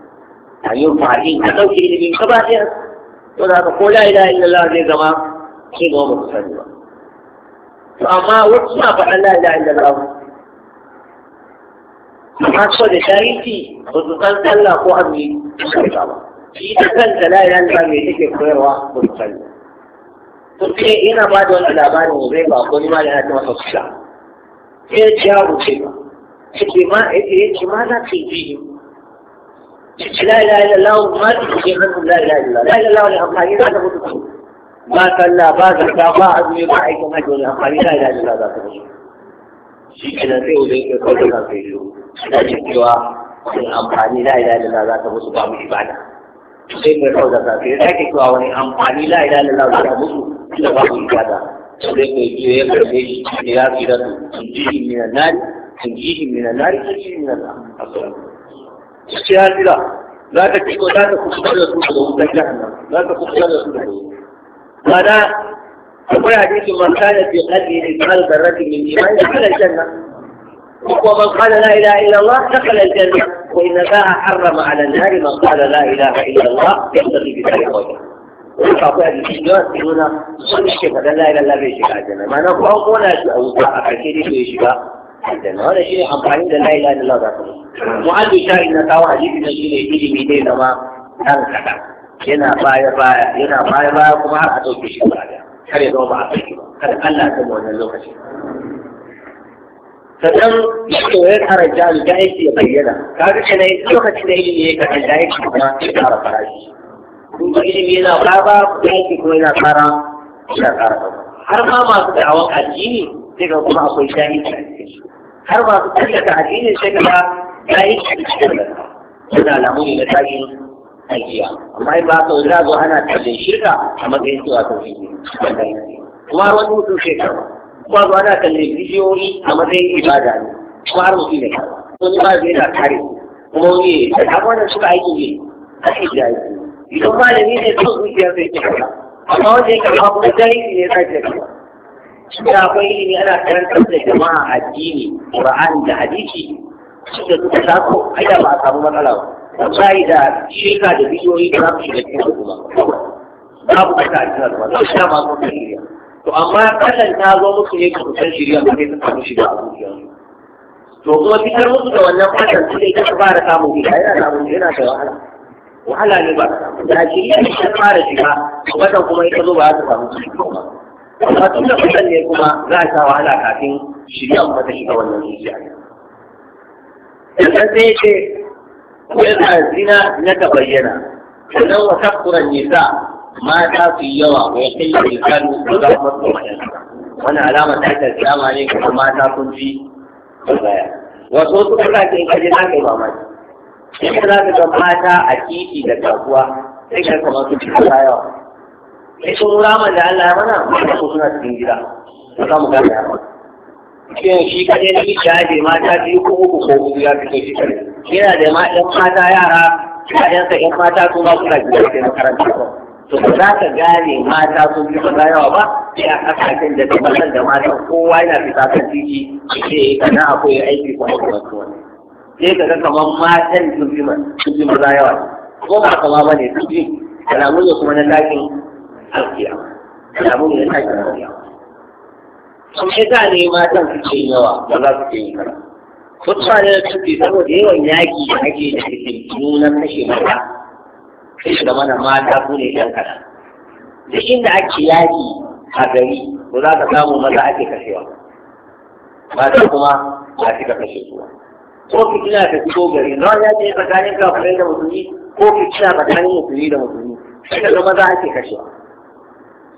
[SPEAKER 1] an yi fa'in ka ɗauke ilimin ka ba ɗaya to da ka ko la ilaha illallah zai zama shi ba mu sani ba to amma wasu na faɗan la ilaha illallah amma so da tarihi ba su san sallah ko azumi ba shi ta kanta la ilaha illallah me take koyarwa ba su sani to sai yana ba da wani labarin zai ba ko ni ma da ta masa suka sai ya ci ya wuce ba yake ma yake ma za ta yi لا اله الا الله ما تجي لا اله الا الله لا اله الا الله لامحاني لا تفوت ما صلى ما زكى ما عزمي ما عيش ما جوني لامحاني da اله الا shi ke nan sai wajen iya kawai da kai shi da wani amfani da ilaha da ta musu ba ibada da kai ya sake wani amfani da ilaha da ta musu da ba mu ibada da shi لا لا لا لا ci لا za لا kusa da su daga wutar jahannam za ka kusa da su daga wutar mana akwai hadisin man kana fi qalbihi mithqal ومن قال لا اله الا الله دخل الجنه وان الله حرم على النار من قال لا اله الا الله يبتغي بذلك وجهه ويقع في هذه السجوات هنا صلي الشيخ لا اله الا الله بيشفع الجنه ما نقول ولا يشفع وقع كثير يشفع da shi ne amfani da la da illallah za ka yi muhalli sha'in na kawo hadisi na shine ilimi ne zama dan kaɗan yana baya baya yana baya baya kuma har a ɗauke shi ba kar ya zama ba a ɗauke ba kada Allah ta san wannan lokaci sannan to ya tsara jami da aiki ya bayyana ka ga ce ne lokacin da ilimi ya kaɗan da aiki kuma ya tsara farashi kuma ilimi yana ƙara da aiki kuma yana ƙara yana ƙara har ma masu da'awan addini sai ga kuma akwai jahilci a cikin su har ba su masu tsallaka addinin sai kaga ya yi shi cikin da suna alamu ne na tsarin ajiya amma in ba ka wuce zo ana tsalle shirka a matsayin cewa tauhidi wanda yake kuma har wani mutum sai karba kuma zo ana tsalle bidiyoyi a matsayin ibada ne kuma har mutum ne karba wani ba zai na kare kuma wani da kamar suka aiki ne a cikin aiki idan malami ne so zuciya zai ke karba amma wanda ya karba kuma jahili ne ya sa ke karba da akwai ilimi ana karantar da jama'a addini Qur'ani da hadisi da suka sako ai da ba a samu matsala ba sai da shirka da bidiyoyi da su shiga cikin babu ka a cikin kuma to shi su mun shirya to amma kasan ta zo musu ne ku san shirya ba zai shiga a zuciya to kuma fitar musu da wannan fatan sai ka fara samun gida yana samun yana da wahala wahala ne ba da shirya da fara shiga kuma kuma ita zo ba za ta samu shirya ba amma tun da kusan ne kuma za a sha wahala kafin shirya kuma ta shiga wannan zuciya sannan sai ce yana zina na ta bayyana sannan wa takuran nisa mata su yi yawa wa ya kai da rikanu ko za kuma su mayan wani alama ta ta kiyama ne kuma mata sun fi ji wasu wasu kuka ke kaje na kai mamaki sai ka za ka ga mata a titi da kasuwa sai ka kama su cikin yawa sai sun rama da Allah ya mana wanda su suna cikin gida ba za mu gane ba cikin shi kaɗai na ya da mata biyu ko uku ko huɗu ya fito shi kaɗai yana da ɗan mata yara kaɗansa ɗan mata su ma suna gida sai makaranta to ba za ka gane mata sun fi maza yawa ba sai a kasashen da ta mazan da mata kowa yana fita kan titi sai na akwai aiki ko aiki wasu wani sai ka ga kamar matan sun fi maza yawa ko ba kama ba ne sun fi alamun kuma na dakin. alƙiyama alamun ne ta kira alƙiyama sun shi ta ne matan suke yawa ba za su ke yi kara ne da suke saboda yawan yaƙi da ake da suke nuna kashe mata kashe da mana mata su ne ɗan kada da inda ake yaƙi a gari ba za ka samu maza ake kashewa ba, mata kuma ba su ka kashe su ko fitina ta fito gari na ya ce tsakanin kafirai da musulmi ko fitina tsakanin musulmi da musulmi sai ka zama za a kashewa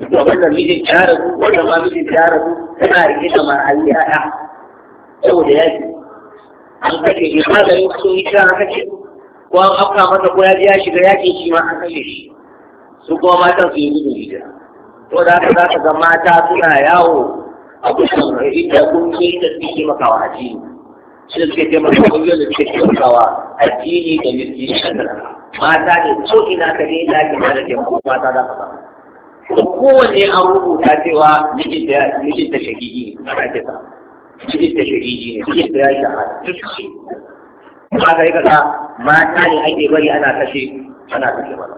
[SPEAKER 1] to wannan mijin ya rabu wannan ma mijin ya rabu tana rike da marayu ya'ya saboda yaki an kashe shi maganin sun yi kira kashe ko an afka masa ko ya ya shiga yakin shi ma an kashe shi su kuma matan su yi gudun gida. to da haka za ka ga mata suna yawo a kusan inda kungiyoyi da suke makawa addini shi da suke taimaka kungiyoyi da suke taimakawa addini da mulki da mata ne so ina ka je ina ke da taimako mata za ka samu Kowane an rubuta cewa mijinta shahidi a rajisa mijinta shahidi ne mijinta ya shahada duk shi ba ka yi kasa mata ne ake bari ana kashe ana kashe mana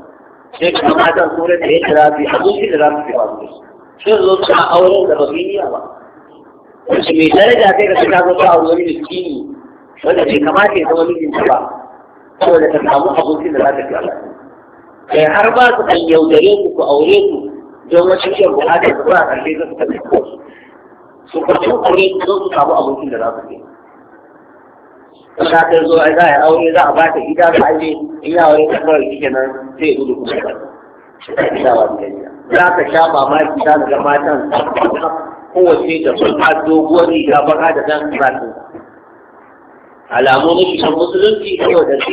[SPEAKER 1] sai ka matan sunan da ya kira bi abinci da za su fi masu Sun zo su a auren da ba su yi ba
[SPEAKER 2] wace mai daraja sai ka fita zo ta
[SPEAKER 1] aure wani ne wanda bai kamata ya zama mijinta ba saboda ka samu abincin da za ta fi a kai har ba su kan yaudare ku ku aure ku don wasu yin bukatar su ba a karfe su ta fito su kwanci aure zo su samu abokin da za su ke kuma ta zo a za a aure za a ba ta gida za a je in ya aure ta kawai shi kenan sai ya gudu kuma ba za ka sha mamaki za ka ga matan kowace da sun ta doguwar riga baka da zan zasu alamu na shi musulunci kawai da su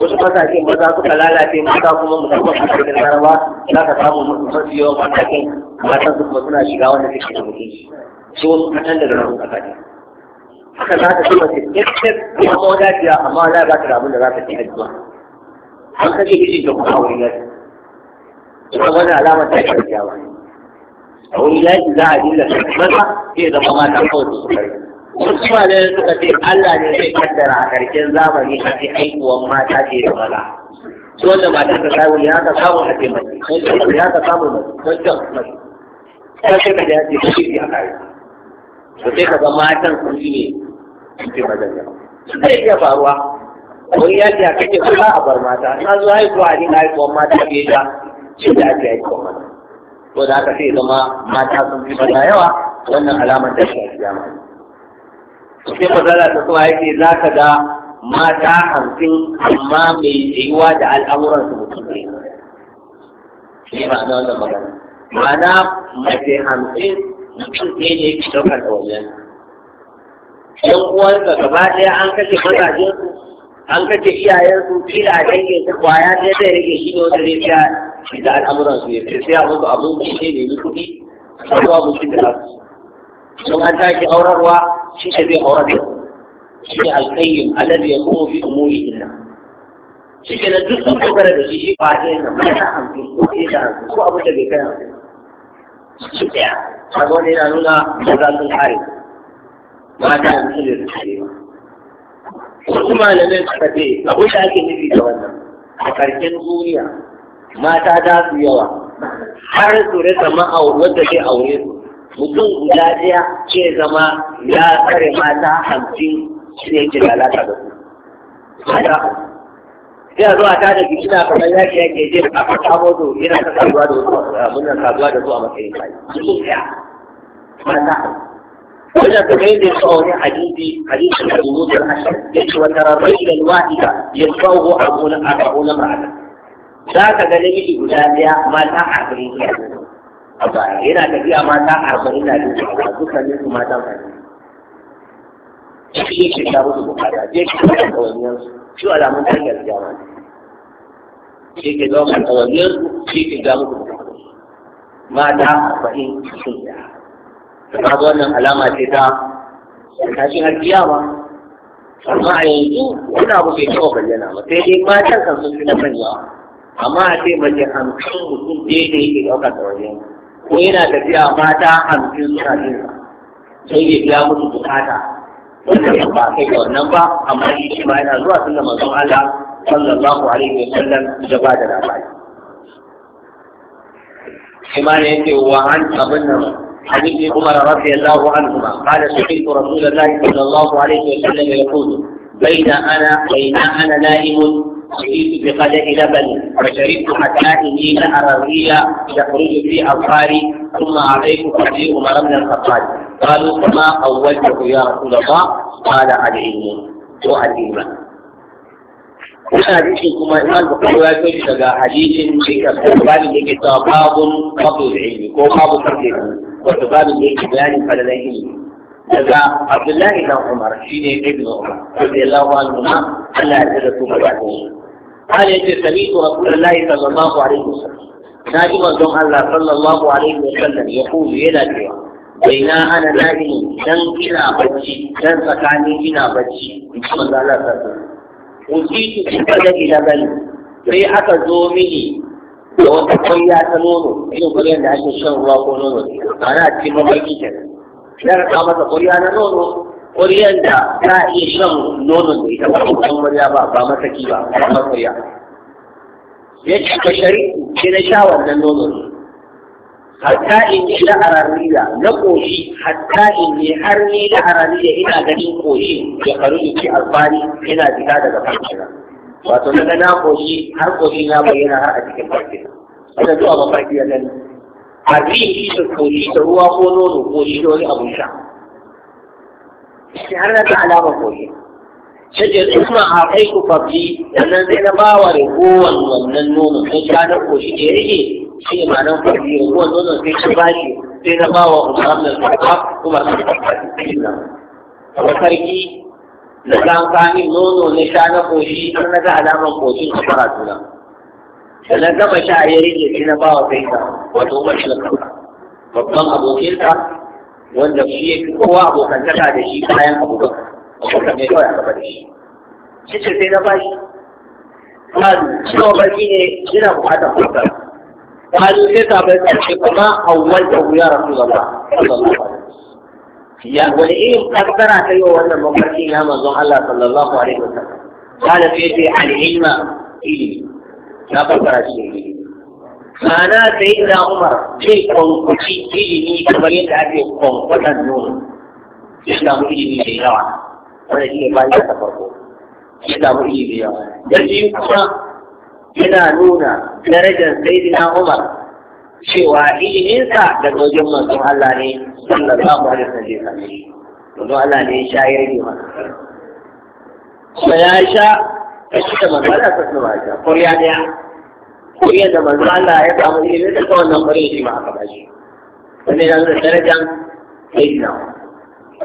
[SPEAKER 1] wasu kasashe maza suka lalace mata kuma musamman a cikin larabawa za ka samu mafi yawan matakin matan su kuma suna shiga wanda suke da mutunci su wasu kaɗan daga nan kasashe haka za ta ci mace tsakiyar kuma wani ajiya, amma za ba ta da da za ta ci a jima an kashe kishin da kuma a wurin yaki kuma wani alamar ta yi a wurin yaki za a dinga maza sai zama mata kawai su su karfi wasu ne suka ce Allah ne zai kaddara a karshen zamani a ce aikuwan mata ce da maza su wanda mata ta samu ya ka samu a ce mace wanda ya ka samu wancan mace ta ce ka ja ce ka shirya a kare Su sai ka ga matan sun shi ne su ce yau. Su zai iya faruwa wani ya ce a kake kula a bar mata na zo haihuwa a dinga haihuwan mata ke da shi da ake haihuwan mata Ko da aka sai zama mata sun fi da yawa wannan alamar da shi a kiyama ne sai mazala ta kuma yake za ka ga mata hamsin amma mai tsayuwa da al'amuran su mutum ne shi ba na wannan magana ma'ana mace hamsin mutum ne ne yake ɗaukar da wannan yan uwansa gaba ɗaya an kashe su, an kashe iyayen su, kila a dangin ta kwaya ne zai rage shi ne wanda zai fiya da al'amuran su ne. sai abin da abin da shi ne mai kuɗi abubuwa mutum da su don an tashi aurarwa shi ne zai aurar da shi ne alƙayyim alladhi kuma bi umurihin nan shi ke nan duk sun dogara da shi shi ba ta yin nan mana hamsin ko ɗaya da ko abin da bai kai hamsin shi ɗaya a wani yana nuna maza sun kare mata hamsin da su kare ba wasu malamai suka ce abin da ake nufi da wannan a ƙarshen duniya mata za su yawa har su rasa ma'aurata zai aure su mutum guda ɗaya ce zama ya tsare mata hamsin shi ne yake lalata da su sai a zuwa ta da jiki na kamar ke yake je a fata moto yana ta saduwa da wasu abin nan saduwa da su a matsayin kai mutum ɗaya mata wajen kamar yadda ya ne hadisi hadisi da zuwa da ashar ya ce wata rabai da wahida ya tsawo a a gonar ma'ana za ka ga namiji guda ɗaya mata a gurin kiyar a baya yana tafiya mata arba'in na biyu a dukkanin su mata ba ne shi ce ta musu bukata je ki ɗaukar ɗawainiyar su shi alamun ta ke riga ma shi ke ɗaukar ɗawainiyar su shi ke ga musu bukata mata arba'in sun da ta wannan alama ce ta tashin har ma amma a yanzu suna abu bai taɓa bayyana ba sai dai matan kan sun fi na manyawa amma a ce mace hamsin mutum daidai ke ɗaukar da wajen ko yana tafiya mata hamsin suna jin sai ya biya musu bukata wannan ba kai ga wannan ba amma shi ba yana zuwa sunna manzon Allah sallallahu alaihi wa sallam da ba da labari yake wa an abin nan حديث عمر رضي الله عنهما قال سمعت رسول الله صلى الله عليه وسلم يقول بين أنا بين أنا نائم جئت بقدح لبن وشربت حتى اني لارضيه يخرج في اظفاري ثم اعطيت فردي عمر بن الخطاب قالوا فما اولته يا رسول الله قال العلم وعليما wannan hadisin kuma imam bukari ya kai daga hadisin da ke tsakanin da ke tsakanin babun fadl ilmi ko babu fadl wato babin da yake bayanin fadalan ilmi daga abdullahi dan umar shi ne ibn umar sai ya lawa al-umma Allah ya tsare su daga kowa ya ce sami ko abdullahi sallallahu alaihi wasallam na ji manzon Allah sallallahu alaihi wasallam ya kuma yana cewa baina ana nahi dan ina bacci dan tsakani ina bacci manzon Allah sallallahu alaihi wasallam ku ci ku daga ila gani sai aka zo mini da wata kwaya ta nono, ina kwaya da ake shan ruwa ko nono, ana cikin mamaki kenan. na rasa masa ƙuriya na nono ƙuriyan da za a iya shan nonon da ita ba kuma ƙuriya ba ba masaki ba ba masariya ya ce ka shari sai na sha wannan nonon hatta in ji da arariya na ƙoshi hatta in ji har ni da arariya ina ganin ƙoshi ya faru da ke alfani ina fita daga farkina wato na ga na ƙoshi har ƙoshi na bayyana har a cikin farkina wanda zuwa mafarki ya gani abin shi da koshi da ruwa ko nono ko shi da wani abin sha shi har na ta alamar koshi shaje suna a kai ku fafi sannan zai na ba wa ragowar wannan nono sai na koshi da ya rage shi ma nan fafi ragowar nono sai shi ba shi sai na bawa wa umarnin sarfa kuma sai ta fafi kuma sarki na kan kamin nono na shanar koshi har na ta alaman koshin a fara tunan da na gaba sha ya rike shi na bawa kai ka wato umar shi babban abokinsa wanda shi ya fi kowa abokantaka da shi bayan abubuwan abokan mai kawai a gaba da shi shi ce sai na bashi kan cewa baki ne yana bukatar kuka kalu sai ka bai karshe kuma awwal ta ya rasu gaba ya wani irin kaddara ta yi wa wannan mafarki na manzon Allah sallallahu alaihi wasallam kana sai ce al'ilma ilimi na fassara shi ne ma'ana sai ina umar zai kwankwaci ilimi kamar yadda ake kwankwatan nono ya samu ilimi mai yawa wanda shi ne bayan ta farko ya samu ilimi mai yawa da biyu kuma yana nuna darajar sayyidina umar cewa iliminsa da wajen manzon Allah ne sallallahu alaihi wasallam manzon Allah ne ya sha ya ya sha da shi da manzo Allah ta ba. ta koriya daya kuriyar da manzo Allah ya samu ilimin da ta wannan kuriyar shi ma aka bashi wannan yana da darajar sayyidina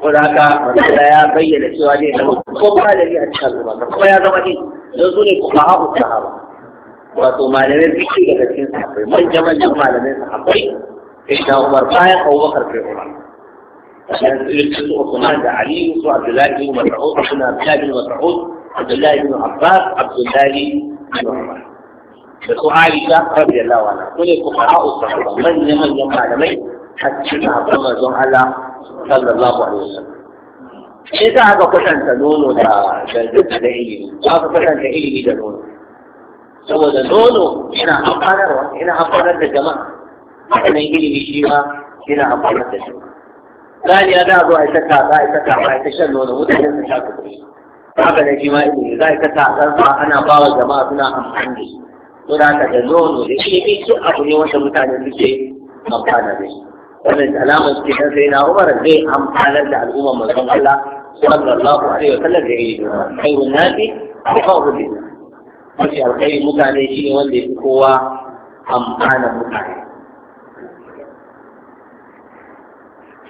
[SPEAKER 1] ko da haka manzo Allah ya bayyana cewa zai zama ko ba da a cikin al'umma Kuma ya zama ne don su ne kuma haɓu sahaba wato malamin fiƙi daga cikin sahabbai manyan manyan malamin sahabbai sayyidina Umar bayan Abubakar sai Umar عشان يقتلوا عثمان ده علي وعبد الله بن مسعود وابن عبد الله بن مسعود Abdullahi bin Abbas Abdullahi bin Umar da su Aisha radiyallahu anha kune kuma ha'u sahaba manyan manyan malamai hakkin sahabban don Allah sallallahu alaihi wasallam shi za aka kwatanta nono da da da ilimi za ka kwatanta ilimi da nono saboda nono yana amfanarwa yana amfanar da jama'a hakanan ilimi shi ma yana amfanar da jama'a gani ya da zuwa ita kaza ita kaza ita shan nono mutane su sha kuɗi haka da shi ma ilimi za ka ta kansa ana ba wa jama'a suna amfani da shi to da haka da nono da ilimi duk abu ne wanda mutane suke amfana da shi wannan alamar ce dan sai na Umar zai amfanar da al'umma manzon Allah sallallahu alaihi wasallam da ilimi khairun nasi khairu lillah mafi alkhairi mutane shi ne wanda ya fi kowa amfanar mutane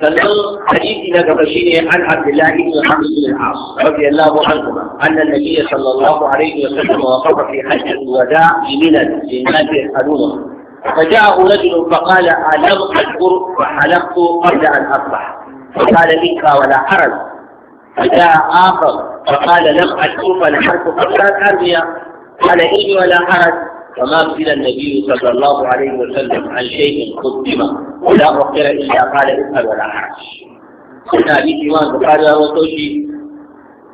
[SPEAKER 1] فالنظر حديث إلى قبشين عن عبد الله بن محمد بن العاص رضي الله عنهما أن النبي صلى الله عليه وسلم وقف في حج الوداع بمنى لناس يسألونه فجاءه رجل فقال ألم اذكر فحلقت قبل أن أصبح فقال منك ولا حرج فجاء آخر فقال لم اذكر فنحرت قبل أن أرمي قال إني ولا حرج وما سئل النبي صلى الله عليه وسلم عن شيء قدم ولا أخر إلا قال اسأل ولا حرج هنا الإمام البخاري وتوشي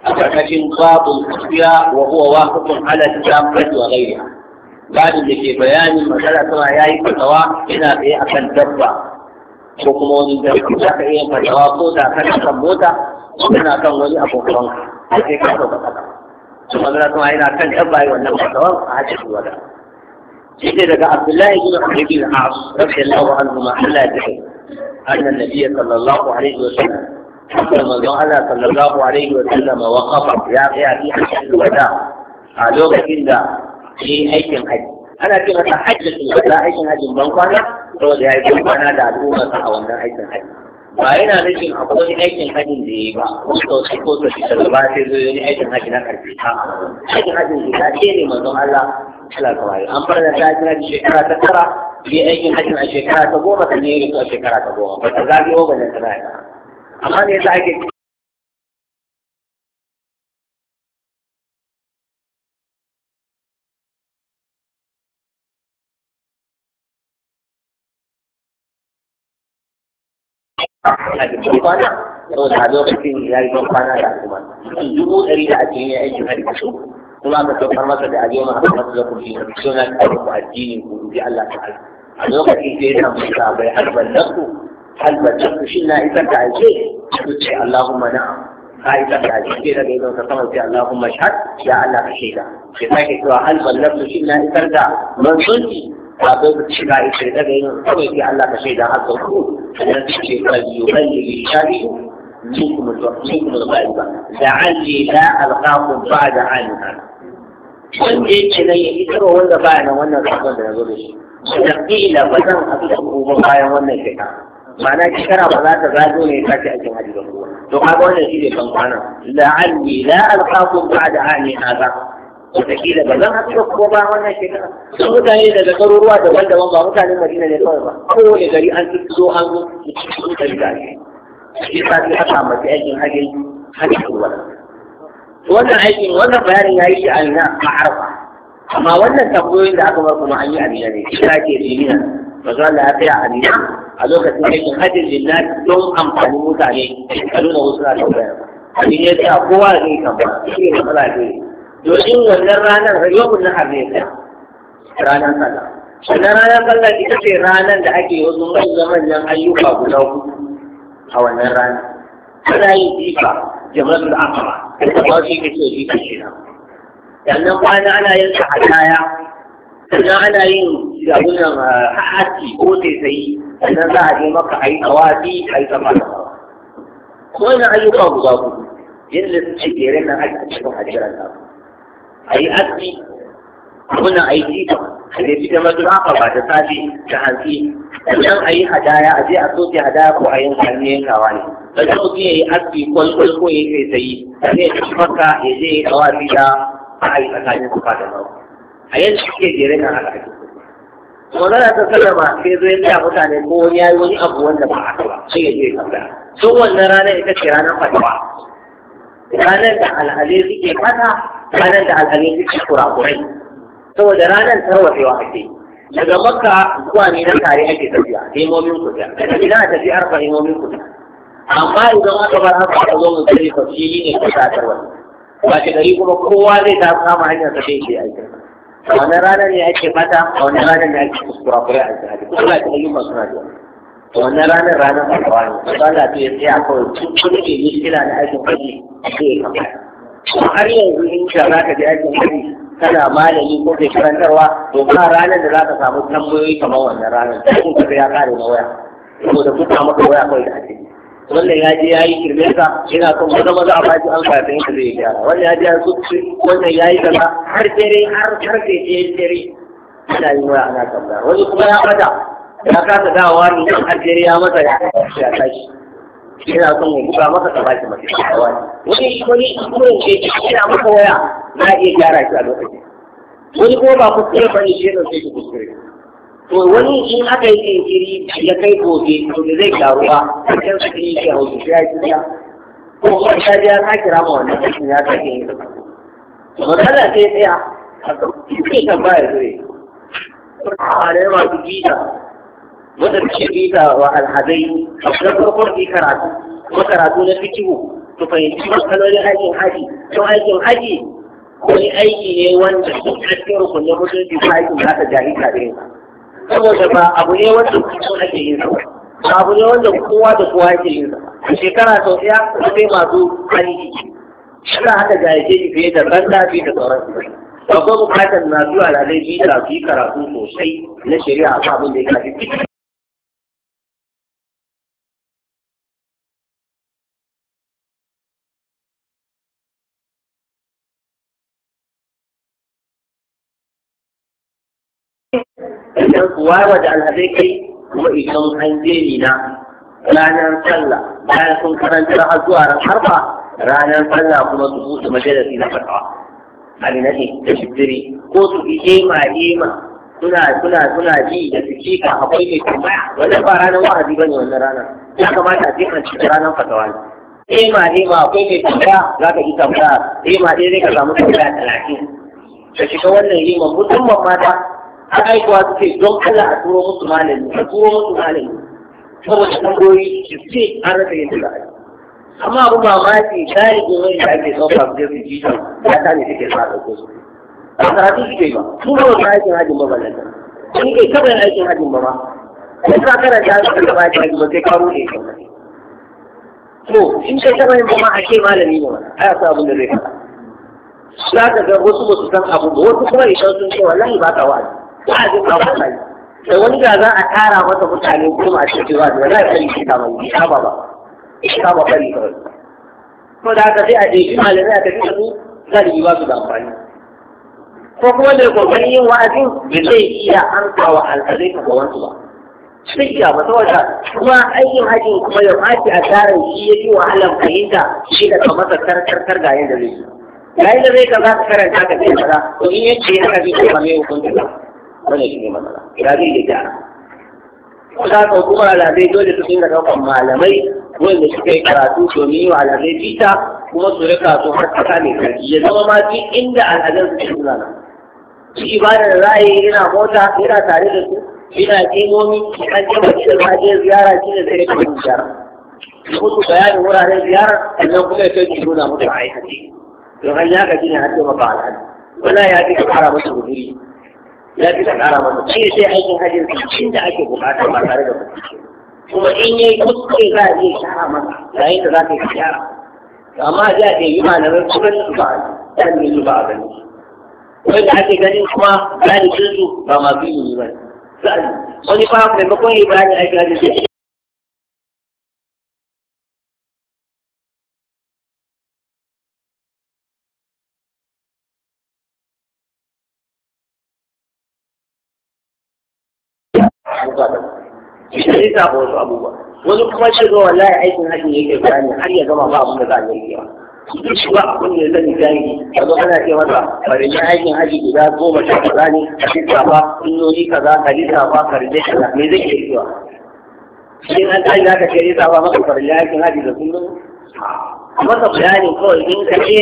[SPEAKER 1] أفتكن باب الخفية وهو واقف على الجامعة وغيرها بعد اللي في بيان مسألة ما يأي فتوى هنا في أكن دبة حكم ومن دبة فإن فتوى قوتا فإن سبوتا ومن أكن ولي أبو فرنك هل في كتب فتوى مسألة ما يأي أكن دبة والنبوة فتوى أحد شكوة سيدنا عبد الله بن عبد العاص رضي الله عنهما حلا به ان النبي صلى الله عليه وسلم حكم المرأة صلى الله عليه وسلم وقف يا في حجة الوداع قالوا لك إن في أي حج أنا كنت حجة الوداع أي حج من قال هو ذا أي من قال هذا هو ما تحاول من أي حج بعدين أنا كما أقول أي حج ذي ما هو سكوت في سلبات الدنيا أي حج نكر فيها أي حج ذي لا شيء من الله على القرآن أمرنا ساعتنا الشكرة تكرة لأي حجم الشكرة تقوم فليه يسوى الشكرة تقوم فتزاقي هو من الزمان أما يزاقي هو Kalau dah ada orang yang tinggal di mana dah cuma. Ibu dari dah sini, ibu dari قلنا لو فرمت لي اليوم انا فرمت لكم في سنة او الدين يقولوا في الله تعالى انا وقت في دينا مصابة هل بلغتوا هل بلغتوا شلنا اذا تعجي تقولش اللهم نعم هاي تعجي كده بيدو تطمو في اللهم اشهد يا الله بشيدا في ذاك اتوا هل بلغتوا شلنا اذا تعجي من صنتي فأبوك تشكاي شيدا بيدو تطمو في الله بشيدا هل تقول فلنبشي فليبلغ الشاري منكم الوقت منكم الغائبة لعلي لا ألقاكم بعد عنها wanda yake nan yi hitarwa wanda baya nan wannan sabon da na zo da shi da kila ba zan haɗu da ba bayan wannan shekara ma'ana shekara ba za ta zazo ne ta ce ake hajji da kowa to kaga wannan shi ne ban kwana la'alli la alqakum ba'da ani hadha wataƙila ba zan haɗu da kowa ba wannan shekara sun mutane daga garuruwa daban-daban ba mutanen madina ne kawai ba kowane gari an ci, zo an zo sun kari da shi shi ta fi haka mace aikin hajji hajji da wannan aikin wannan bayanin ya yi a ina harfa amma wannan tambayoyin da aka bar kuma an yi a ne kira ke limina masu Allah ya tsaya a nina a lokacin aikin hajjin lillahi don amfanin mutane a nuna wasu na tambaya abin ya tsaya kowa ya zai tambaya shi ne matsala ce domin wannan ranar yau na harbe ta ranar sallah Wannan ranar sallah ita ce ranar da ake wasu manyan ayyuka guda hudu a wannan ranar. ana yin jifa da akaba da ba su yi so shi sannan bayan ana yin sahadaya sannan ana yin abunan ah, ha'ati ko tsayi sannan za a je maka a yi tsawafi a yi sama da ko yana ayyuka guda hudu yin da suke jere nan a cikin hajjiran nan a yi aski Muna aiki a ne cikin masu haka ba ta safi ta hantsi sannan a yi hadaya a je a soke hadaya ko a yin yin yankawa ne sannan mutum ya yi aski kwalkwal ko ya yi sai a ya ci maka ya je ya kawa da a yi tsakanin kuka da mau a yanzu suke jere na haka ake magana ta sallama sai zo ta mutane ko wani ya yi wani abu wanda ba haka ba sai ya je kafda sun wannan ranar ita ce ranar fatawa ranar da alhalin suke fata ranar da alhalin suke kurakurai سوى دلالا فهو في واحد فيه لقد بقى اخواني لك على تبيع في مؤمن كتب لكن لا تبيع ارقى في مؤمن كتب عن قائل ما قبل ارقى اظن تبيع تفشيلين يتساعد الوزن ولكن تريد مقوة لتا اصحاب عنا تبيع في اجل فانا رانا لي اجل فتا وانا قرية عز هذه كلها تبيع ما اصنا رانا رانا اصحاب لا تبيع في كل شيء مشكلة على اجل har yanzu in ka za ka je aikin hari kana malami ko kai karantarwa to ba ranar da za ka samu tambayoyi kamar wannan ranar kun ka ya kare na waya saboda kuka maka waya kawai da ake wannan ya je ya yi kirme sa yana son maza maza a baki an sa sai zai gyara wannan ya je ya suci wannan ya yi kaza har dare har har da je dare ana yin waya ana tambaya wani kuma ya fata ya kasa dawowa ne har dare ya masa ya tashi Ina son mu buga maka ka bashi mace kawai wani wani kurin ke ina maka waya na iya gyara shi a lokacin wani kuma ba kuskure bane shi ne sai kuskure to wani in aka yi jinkiri ya kai gobe to da zai gyaru ba kan su yi ke hausu ya yi ya ko kuma ta ji ya kira ma wannan kashin ya kake yi magana sai tsaya a kan tambaya zai a ne masu gida wadanda ke bita wa alhazai na farko ke karatu ko karatu na fikihu su fahimci matsalolin aikin haji to aikin haji wani aiki ne wanda duk cikin rukunin mutum ko aikin za ta jahilta da yinsa saboda ba abu ne wanda kuma ake yin sa ba abu ne wanda kowa da kowa ake yin sa shekara sau ɗaya sai masu hali suna haka jahilce shi fiye da banda fiye da sauran akwai bukatar na zuwa lalai zai biyu da su karatu sosai na shari'a a abin da ya kafi idan wawa da alhazai kai kuma idan an je mina ranar sallah bayan sun karanta har zuwa ran harfa ranar sallah kuma su buɗe majalisi na fatawa abin ne da shibiri ko su fi ema ema suna suna suna ji da su cika akwai mai tambaya wannan ba ranar wa'azi ba ne wannan ranar ya kamata a ce an cika ranar fatawa ne ema ema akwai mai tambaya za ka yi tambaya ema ɗaya zai ka samu tambaya talatin ka shiga wannan yi ma musamman mata aikawa suke don kada a turo musu malami a turo musu malami saboda tambayoyi su ce an rasa yin da amma abu ba mamaki galibin wani da ake sauka su je su ya tani suke sa da su ba karatu suke ba su ba wata aikin hajjin ba ballanta in kai kaba yin aikin hajjin ba ma ya sa karanta su ka ba aikin hajjin ba sai karo ne to in kai kaba yin ba ma a ce malami ne wani a yasa abin da zai faɗa za ka ga wasu ba su san abu ba wasu kuma idan sun ce wallahi ba ka wa'azi wa'azin ba ba da wani da za a tara masa mutane kuma a cikin wani ba za a kai shi mai yi ba ba ta ba kai ba ko da haka sai a je shi malamai a tafi su yi ba su da amfani ko kuma da kokarin yin wa'azin bai zai iya an kawo al'adai ka ga wasu ba sai iya ba saboda kuma aikin hajjin kuma ya fashi a tsarin shi ya yi wahalar fahimta shi da kamar karkar ga yadda zai yi yayin da zai ka za ka karanta ka ce kaza ko in yace ka zai ce ba mai hukunci ba wannan shi ne matsala ya zai da gyara kusa ka kuma alamai dole su dinga ɗaukan malamai wanda suka yi karatu domin yi wa alamai fita kuma su rika su har kasa mai karfi ya zama ma duk inda al'adar su suna nan shi ibada da za a yi yana mota yana tare da su yana kimomi an je baki da za ziyara shi da sai ya kuma ziyara mutu bayanin wuraren ziyara sannan kuma ya kai nuna mutu a aikace don hanyar haka shi ne har taimaka al'adu wala ya fi ka fara masa guduri ya fi ƙara masa shi sai aikin hajjin cikin da ake bukata ba tare da kuɗi kuma in yayi kuskure za a iya shara masa yayin da za ka yi shara amma za a yi malamai kuma su ba a yi ne ba a gani wai da ake ganin kuma galibin su ba masu yi ba wani ba maimakon yi bayani aikin hajjin ya zaɓa wasu abubuwa wani kuma ce zo wallahi aikin hajji ne yake bayani har ya gama ba abin da za a yi duk shi ba abin da ya zani jari a zo ana ce masa bari ne aikin hajji guda goma sha kaza ne a cikin ba sunnoni kaza ka rika ba ka rike kaza me zai iya cewa in an tsari zaka ce rika ba maka bari ne aikin hajji da sunnoni masa bayani kawai in ka ce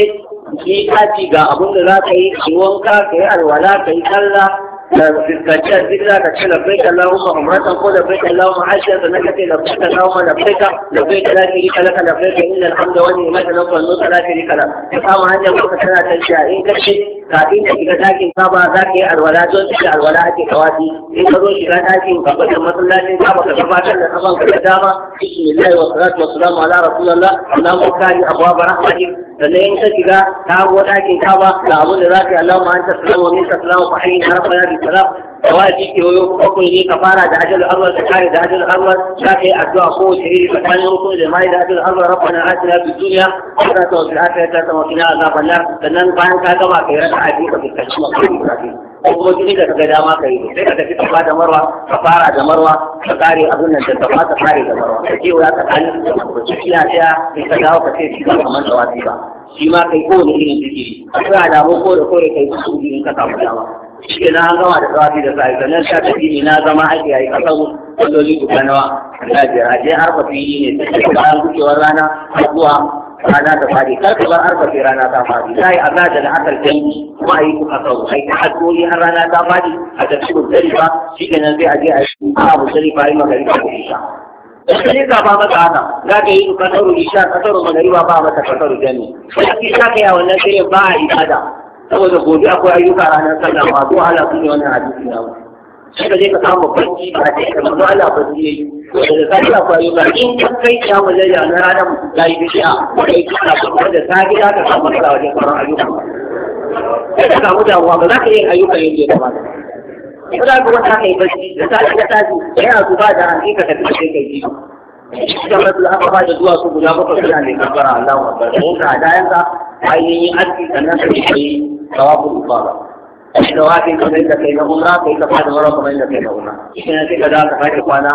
[SPEAKER 1] ki ci ga abin da za ka yi ki wanka ka yi alwala ka yi sallah tafiya duk za ka ce labbai ka lawo ka umrata ko labbai ka lawo ma hajjiyar da naka ce labbai ka lawo ma labbai ka labbai ka lafi rika laka labbai wani ne maka na kwanu ka lafi rika la ka samu hajjiyar ko ka tana tafiya in ka kafin ka shiga ɗakin kaba za ka yi alwala don shiga alwala ake kawasi in ka zo shiga ɗakin kaba da masallacin kaba ka gabatar da kaban ka da dama bismillahi wa salatu wa salamu ala rasulillah allahumma kari abwaab rahmatik sannan in ka shiga ka go ɗakin kaba da abin da za ka yi allahumma anta salamu wa minka salamu fa hayyin harfa ya bi salam tawaji ke wayo kuma ne ka fara da ajiyar arwar ka kare da ajiyar arwar za ka yi addu'a ko wace iri tsakanin rukun da mai da ajiyar arwar rabbana atina fid dunya hasanatan wa fil ta hasanatan wa qina azaban nar sannan bayan ka gama kai a biyu ka fuskanci mafi ko kuma duk da kaga dama kai ne sai ka tafi ka da marwa ka fara da marwa ka kare abin nan da tafa ka kare da marwa ka ce wa ka kare ko ciki ya tsaya sai ka dawo ka ce shi ba kamar tawafi ba shi ma kai kowane irin zikiri akwai alamu ko da kore kai su ka samu dama shi na an gama da tsafi da sa'i sannan ta tafi ne na zama ake yi kasar kwalloli guda nawa na biyar a je harfa fili ne sai bayan gucewar rana har zuwa rana ta fadi kar ka bar harfa sai rana ta fadi sai a zaje da asal dangi kuma ayi ku kasar ai ta haddoli har rana ta fadi a tafi gudari ba shi kenan zai a je a yi abu sari fari magari ta kusa sai ka ba maka haka za ka yi kasaru isha kasaru magariba ba mata kasaru jami sai ka yi wannan sai ba a ibada saboda gobe akwai ayyuka ranar sallah masu wahala su ne wannan hadisi na wani sai ka je ka samu barci ba sai ka manzo Allah barci yayi to da sai ka koyi ba in ka kai ya mu lalle na ranar da yi biya ko kai ka samu da gida ka samu da wajen sauran ayyuka sai ka samu da ba za ka yi ayyuka yake da ba ko da ka wata kai barci da sai ka tashi sai a zuba da hankali ka tafi kai kai idan rasul aka ba da zuwa su guda bakwai suna ne kafara Allah wa akbar ko ka dayan ka ainihin aski sannan ka yi tawaful ifada tawafin kamar da kai na umra kai ka fada mara kamar da kai na umra idan sai ka da ka fada kwana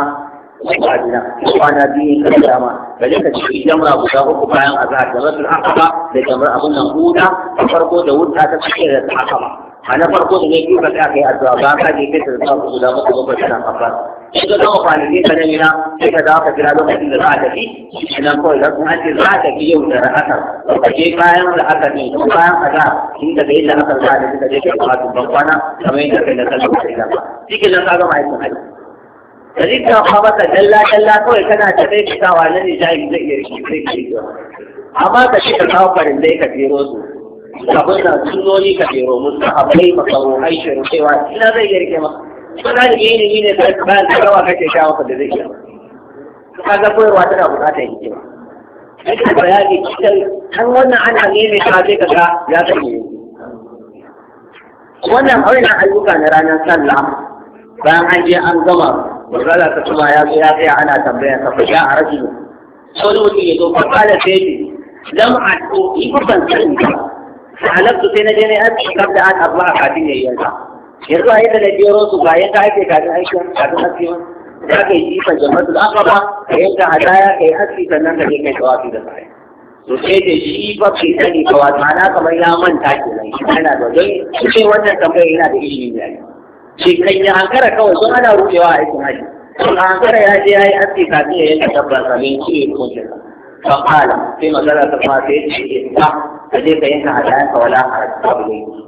[SPEAKER 1] kwadina kwana biyu ka dama da ne ka ci jamra guda uku bayan azhar da rasul aqaba da jamra abun nan huda ta farko da wuta ta cike da ta a na farko da ne biyu ka kai addu'a ba ka je kai da ta guda ba bakwai suna kafara in ka gama kwanaki ka nan yana sai ka za ka jira lokacin da za a tafi idan kawai da kuma ce za a tafi yau da ra'asar ka je bayan ra'asar ne ko bayan kaza in ka ga yadda aka za a tafi ka je ka kuma dubban kwana kamar yadda kai da kallon ka ina ba cikin nan ka gama aikin hajji da dukkan kwamata dalla dalla kawai kana tafi fitawa na nijayi zai iya rikici zai iya amma ka shi ka kawo farin dai ka jero su abin da sunoni ka jero musu ka abai makaruhai shirin cewa ina zai yarke maka ko za ni ilimi ne da bayan ka gama kake shawo ka da zai yi ka ga koyarwa tana bukatar ba yake bayani cikin an wannan ana neme ta sai ka ya ka yi wannan na ayyuka na ranar sallah bayan an je an gama Magana ta kuma ya zo ya tsaya ana tambaya ka fa ya a rajulu. Sau da mutum ya zo fa kala sai ne lam a to in ban sani ba. Sai sai na je ne an tsakar da an abu a kafin ya yanzu a yadda na jero su ga yadda ake kafin aikin kafin asiyo za ka yi jifan da jama'atul aqaba ka yanka hadaya ka yi aski sannan ka je kai tawafi da sa'i to sai da shi ba bai sani ka wato ana kamar ya manta ke nan shi yana da don shi wannan tambayar yana da ilimin ne shi kan ya hankara kawai sun ana rubewa a aikin haji sun hankara ya je ya yi aski kafin ya yanka tabbas abin shi ya kunce sa kan hala sai magana ta fata ya ce ba ka je ka yanka hadaya ka wala a babu laifi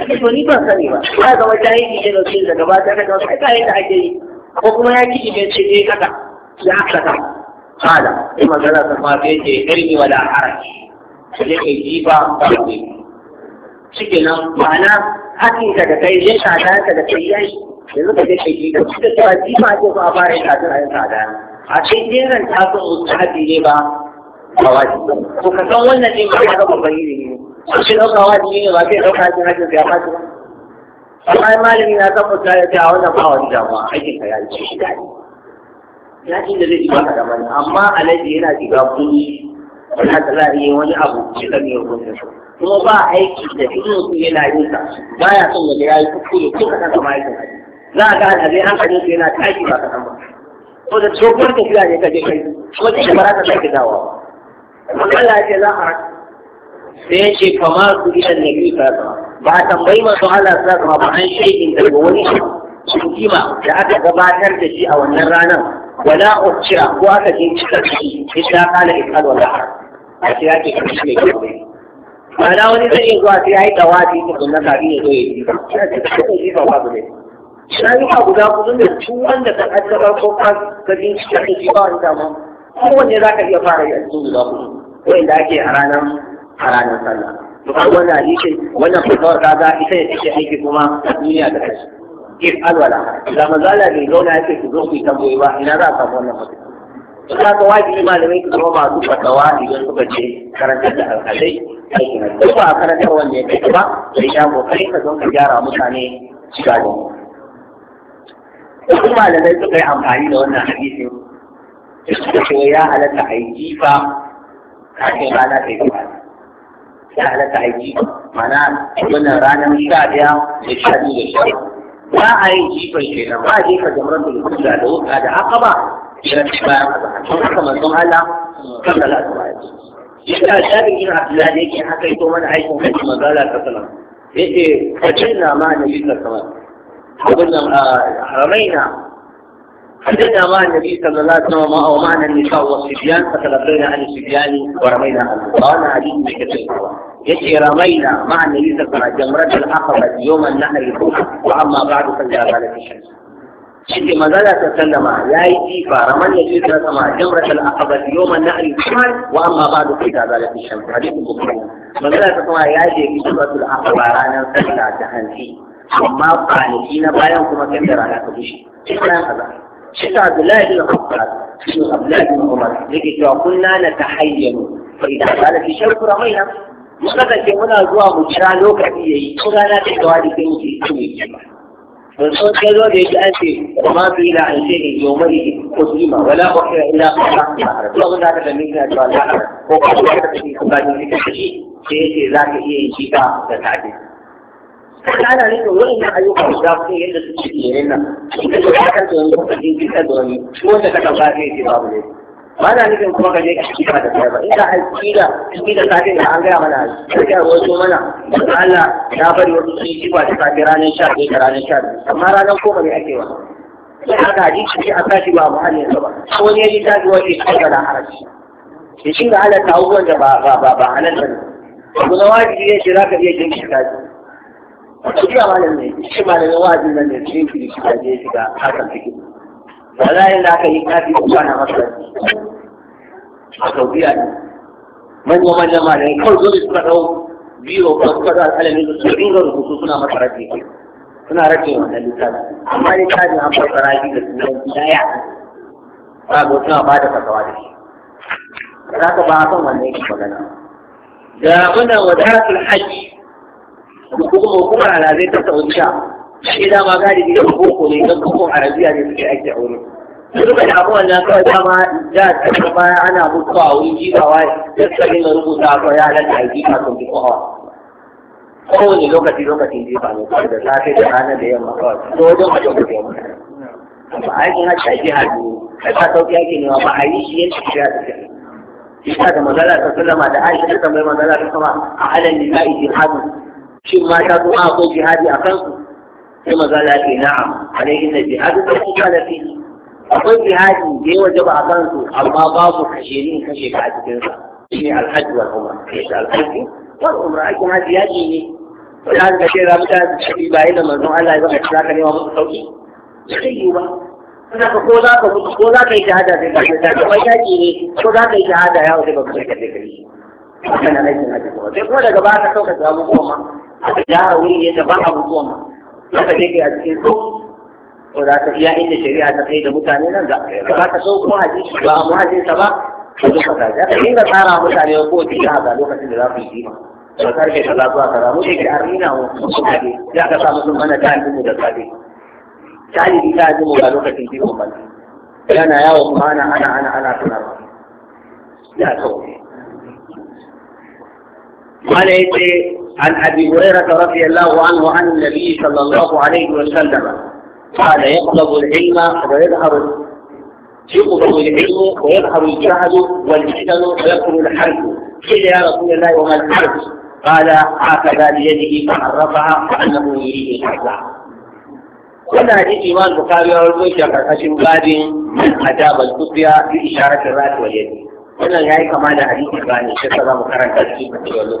[SPEAKER 1] ake to ni ban sani ba ya zama jahili ne lokacin da gaba ta kaga wasu kayan da ake yi ko kuma ya ki idan ce ne kaka ya kaka hala sai magana ta fata yake ilmi wala haraji sai kai jiba ba ku shike nan ma'ana hakin ka da kai yin tsada ka da kai yi yanzu ka je kai jiba shi da cewa jiba ce ko a fara yin tsada a yin tsada a cikin jeran ta so su ne ba a wajibi ko ka san wannan ne ba ka ga babban ilimi shi ɗauka wajibi ne ba sai ɗauka shi hajjin ya fashi ba amma malami na san mutum ya ce a wannan ba wani damuwa aikin ka ya ce shi daɗi ya ce da zai ji baka da mani amma alaji yana shiga kuni wani hasala iya wani abu shi kan yau kuni kuma ba aiki da duk mutum yana yi sa ba ya son wanda ya yi kuku kuskure kuka kaɗan kama aikin hajji za a ga alhazai hankalin su yana tashi ba kaɗan ba ko da tsohuwar tafiya ne ka je kai ko da shi ba za ka sake dawowa. Wannan lafiya za a sai ya ce kama su ilan nabi ta ba a tambayi masu ala sa ba an shaidin daga wani kima da aka gabatar da shi a wannan ranar wala ukira ko aka je cika shi ta kana ikal wala a ce ya ke kamar shi ne
[SPEAKER 2] ma'ana wani zai
[SPEAKER 1] yi zuwa sai ya yi tawafi ta sunna kafin ya zo ya yi ba shi ba ba ne shari'a guda kudin da su wanda ka addaba ko ka gani shi ba wani damu kowanne za ka iya fara yi a cikin guda kudin wanda ake a ranar a ranar sallah to kan wannan hadisin wannan fatawar kaga ita ne take aiki kuma a duniya da kashi if alwala da mazala bai zauna yake ku zo ku tambayi ba ina za a samu wannan fatawa to kaga wajibi malamai ku zama masu fatawa idan suka ce karantar da alƙalai aiki na duk ba karantar wanda ya kai ba sai ya kokari ka zo ka gyara mutane shiga da wasu malamai suka yi amfani da wannan hadisin suka ce ya halatta a yi jifa kafin rana ta yi gaba ya halatta a yi mana wannan ranar sha ɗaya da sha biyu da sha ba a yi jifan kenan ba a jefa jamran da kusa da wuka da haka ba ya rasu bayan azahar sun haka manzon Allah kan da lasu bayan yadda jami'in Abdullahi yake haka ito mana aikin kan manzala ta salam yake kacin na ma na yi ta salam abin nan haramai na حدثنا مع النبي صلى الله عليه وسلم ومعنى النساء والصبيان فتلقينا عن الصبيان ورمينا عن القرآن حديث كثير يتي رمينا مع النبي صلى الله عليه وسلم جمرة العقبة يوم النحر الأولى وأما بعد فلا غلت الشمس شد مزالة تسلم يا إيفا رمى النبي صلى الله عليه جمرة العقبة يوم النحر الأولى وأما بعد فلا غلت الشمس حديث البخاري مزالة تسلم يا في جمرة العقبة رانا فلا تهنسي وما قال na bayan kuma kan da rana ta bushe. شيخ عبد الله بن عمر في عبد الله بن عمر لكي كنا نتحين فإذا قال في شرف رمينا مصطفى سيمونا الزواء مجرى لوكا في يي كنا نتحدث عن في الجمع فالصوت كذو ليس أنت وما في إلا أن سيدي يومي قديمة ولا أحيى إلا قدما أظن هذا فمثنا جوا الله وقد وقت في خبار الفتح سيئتي ذاك إيه جيبا تتعدد kaga ana nufin wa'annan ayyuka guda kuma yadda su ci yerin nan ita ce ta kanta wani kuma jin kika da wani wanda ta kan fara yake babu ne ba na nufin kuma ka je ka ba da kai ba inda a kira kira safe da an gaya mana sai ka rawaito mana da Allah ya bari wasu su yi kifa ta safe ranar sha biyu da ranar sha biyu amma ranar goma ne ake wa sai aka hadisi sai a sashi ba muhallin sa ba ko ne ya ta zuwa ke kai da haraji da shi da halatta abubuwan da ba ba ba halatta ne abu wajibi ne shi za ka iya jin shi kaji shiga malam ne shi malamin wa'azi nan ne shi shi shiga je shiga hakan take wallahi da aka yi kafi ko kana masa a Saudiya ne manya manya malamai kawai zo suka dau biyo ko suka dau alƙalami su dinga rubutu suna masa rafi suna rage wannan littafi amma littafin an fassara shi da sunan daya ba ga suna ba da fasawa da shi za ka ba a kan wannan shi magana da muna wadatul hajji kuma hukumar alazai ta saudiya shi dama galibi da boko ne don boko arabiya ne suke ake aure duka da abubuwan nan kawai dama da a cikin baya ana mutuwa a wuri jibawa da suka dinga rubuta ko ya nan da aiki kafin jiba hawa kowane lokaci lokacin jiba ne kawai da safe da ranar da yamma kawai ko wajen wajen da yamma ba a yi hajji a jiha Ka kai ba sauki ake nema ba a yi shi yanci shiga da shi ita da magana ta sallama da aisha ta tambayi magana ta sama a alal nisa'i jihadu shin mata kuma akwai jihadi a kansu sai maza la na'am alaihi na jihadi ko kuma da fi akwai jihadi da ya wajaba a kansu amma babu kashe ni kashe ka a cikin sa shine alhaji wal umra sai alhaji wal umra aikin haji yaji ne wanda an kashe ra mutane su shi bayan da manzon Allah ya zama za ka nema musu sauki sai yi ba saka ko za ka mutu ko za ka yi shahada sai ka shahada yaƙi ne ko za ka yi shahada ya wuce ba ka shahada sai kuma daga baya ka sauka samu goma aka gyara wuri yadda ba a mutuwa ma aka je a cikin su ko za ka iya inda shari'a ta kai da mutane nan za ka ba ka so ko hadisi ba mu hadisa ba ko duka ka ga ka dinga tsara mutane ko ci da haka lokacin da za ku yi jima. ma to karfe kaza zuwa kaza mu dai ga arina mu kade ya ka samu sun mana ta mu da kade talibi ta ji mu ga lokacin ji ba. yana yawo kuma ana ana ana ana tunarwa ya kawo Mala ya ce عن ابي هريره رضي الله عنه عن النبي صلى الله عليه وسلم قال يطلب العلم ويظهر يطلب العلم ويظهر الجهل والجهل ويكون الحرب قيل يا رسول الله وما الحرب قال هكذا بيده فعرفها وانه يريد الحرب ولا حديث الامام البخاري والمسلم قد حسن باب من اجاب القدس باشاره الراس واليد ولا يعني كمان حديث الامام الشيخ صلى الله عليه وسلم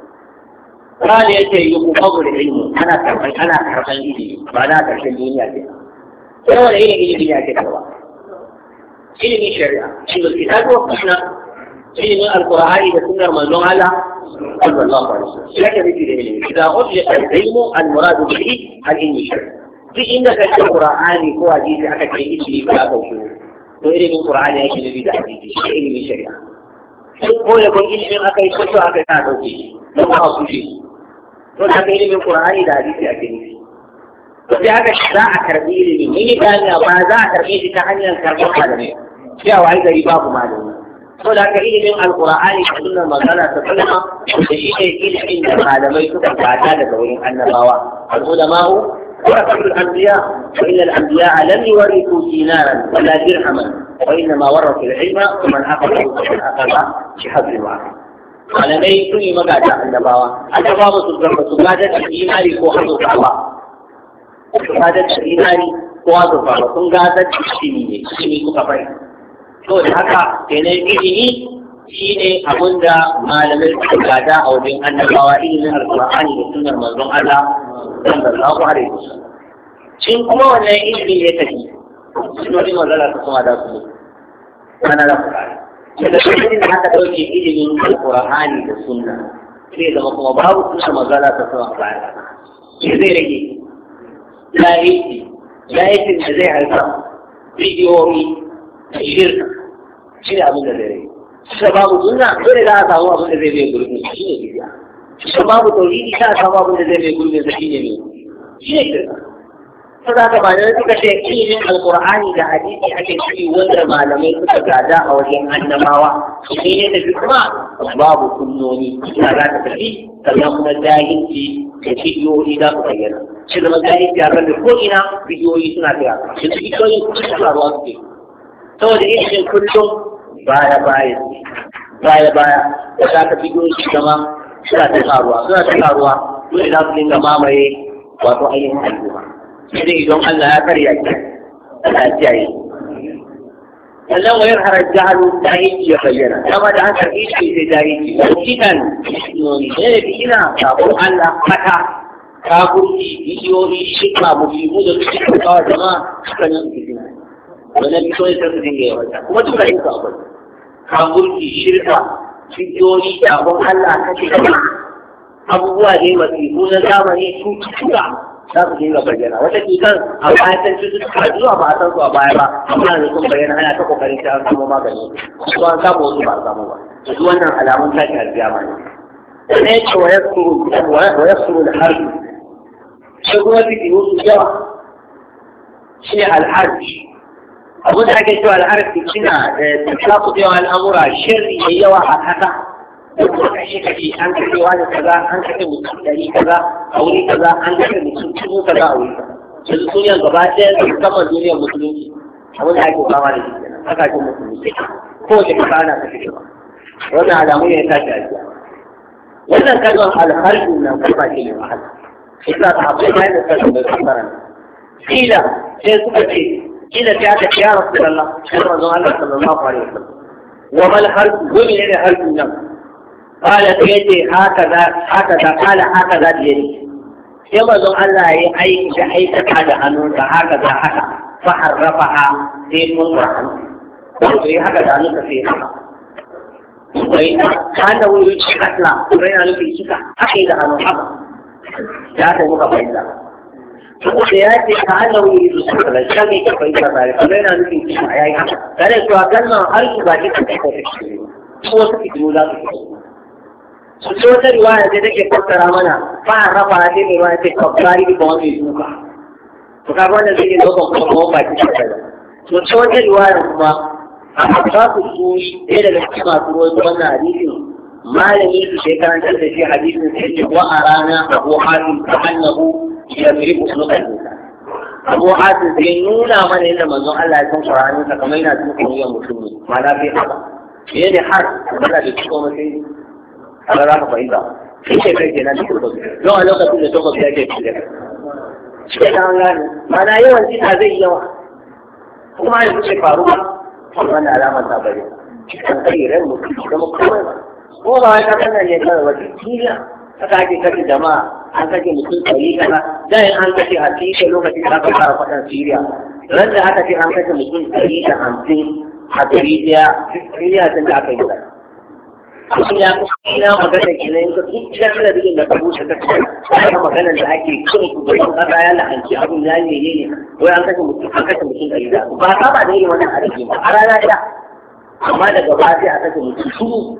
[SPEAKER 1] قال يتي يقبض العلم أنا كربي أنا كربي إلي معناه كربي الدنيا كده هو العلم إلي الدنيا كده علم شريعة علم الكتاب والسنة علم القرآن والسنة ممنوع على صلى الله عليه وسلم لكن في العلم إذا أطلق العلم المراد به العلم الشرعي في إنك القرآن هو حديث أكثر إلي فلا توجد وعلم القرآن يجب في تحديث علم الشريعة هو يكون علم أكثر أكثر أكثر أكثر أكثر أكثر to da aka ilimin qur'ani da hadisi a gani to sai aka za a karbi ilimi ilimi da ba za a karbi shi ta hanyar karɓar malami cewa ai gari babu malami to da aka ilimin alqur'ani da sunnar magana ta sallama da shi ne ilimin da malamai suka gada daga wurin annabawa al-ulama'u ورثة الأنبياء وإن الأنبياء لم يورثوا دينارا ولا درهما وإنما ورثوا العلم ومن أخذه فقد أخذ بحبل واحد malamai sun yi magada annabawa annabawa su zama su gada da imani ko azurfa ba su gada da imani ko azurfa ba sun gada da ilimi ne ilimi kuka bai to da haka kenan ilimi shi ne abin da malamai su gada a wajen annabawa ilimin alkur'ani da sunan manzon Allah sallallahu har yanzu. shin kuma wannan ilimi ne tafi sunan manzon ta kuma da su ana da kuɗaɗe daga lokacin da aka ɗauke ilimin alƙur'ani da sunna sai zama kuma babu suna magana ta sama baya me zai rage jahilci jahilcin da zai haifa bidiyoyi da shirka shi ne abin da zai rage shi babu sunna dole za a samu abin da zai mai gurbin shi ne bidiya shi babu tauhidi za a samu abin da zai bai gurbin shi ne mai shi ne kirka ta za ka ba da suka ce ilimin alkur'ani da hadisi ake ciki wanda malamai suka gada a wajen annabawa su ne ne da hikima babu sunnoni ina za ta tafi sannan kuma jahilci da bidiyoyi za su bayyana shi zama jahilci a kan da ko ina bidiyoyi suna tsaya shi su bidiyoyi suna ruwa suke saboda ilimin kullum baya baya baya baya da za ka bidiyoyi zama suna ta karuwa suna ta karuwa dole za su dinga mamaye wato ainihin al'umma sai dai idan Allah ya karya ki Allah ya kiyaye sannan wayar harar jahalu ta yi ya bayyana kama da haka ishi sai jahilci kitan ne da ina sabon Allah fata kafurci bidiyoyi shirka musibu da su cikin kawo jama'a sukan yi fitina wannan bidiyoyi sai su dinga yawata kuma duka yin sabon kafurci shirka bidiyoyi sabon Allah kashe abubuwa ne masu na zamani su cika za su dinga bayyana wata cutar a baya san cututtuka zuwa ba a san su a baya ba amma yanzu sun bayyana ana ta kokarin sai an samu magani su an samu wasu ba a samu ba su wannan alamun tashi alkiyama ne sannan yake wa yasuru wa yasuru da harbi sai kuma zikiri su yawa shi ne alharbi abin da ake cewa alharbi suna da eh, tafiya su yawa al'amura shirri yayyawa a kasa kashe kashe an kashe wani kaza an kashe mutum dari kaza a wuri kaza an kashe mutum dubu kaza a wuri kaza yanzu duniyar gaba ɗaya su kama duniyar musulunci abin da ake kama da shi haka ake musulunci kowace kasa ana kashe shi ba wannan alamu ne ya tashi a jiya
[SPEAKER 2] wannan kalmar alharbi
[SPEAKER 1] na kuma ce mai wahala ita ta haɓe bayan da sarki mai kasara kila sai suka ce kila ta ta ya rasu da Allah sai manzon Allah sallallahu alaihi wasallam wa mal harbi gumi ne da harbin nan Kala sai ce haka za, haka za, kala haka za ta yi. Sai mazan Allah ya yi aiki da aikata da hannunsa haka za haka, fa harrafa ha sai mun ba hannu. Wato yi haka da hannunsa sai haka. Bai hana wuri ci asla, bai na nufin kika, haka yi da hannun haka. Ya ta muka fahimta. Saboda ya ce ka hana wuri su su kalan, shan ne ka fahimta tare, bai na nufin kika ya yi haka. Tare da cewa kalmar har su ba kika kai ka fi ko wasu fitilu za su fito. sun wata riwaya sai take fassara mana fa an rafa sai mai riwaya sai kabbari da bawan mai duka to kaga wannan zai zo ban kuma bawan baki ta kaza to ce wata riwaya kuma a habbatu suri ɗaya daga cikin masu ruwan wannan hadisin malami su shekaran kan da shi hadisin sai ce ko a rana abu hasim ta annahu yamri usulukan nisa abu hasim sai nuna mana yadda manzon Allah ya san Qur'anin sa kamar yana tuka wuyan mutum ma lafiya ba yadda har da shi kuma sai kaga za ka fahimta shi ke kai kenan da kurkuku don a lokacin da takwas ya ke cikin shi ke ta an gane mana yawan cika zai yawa kuma yanzu ce faruwa wannan alama ta bari cikin tsairan mutum da mukamai ko ba wai kasan nan ne kawai wajen jiya haka ake kashe jama'a an kashe mutum ɗari kaza dan an kashe a cikin lokacin da aka fara faɗan siriya ran da aka ce an kashe mutum ɗari da hamsin a ɗari siriya sun da aka yi ya da da ake ya la'anci abin ya ne ne an mutum ba ba ba a rana amma daga ba sai a mutum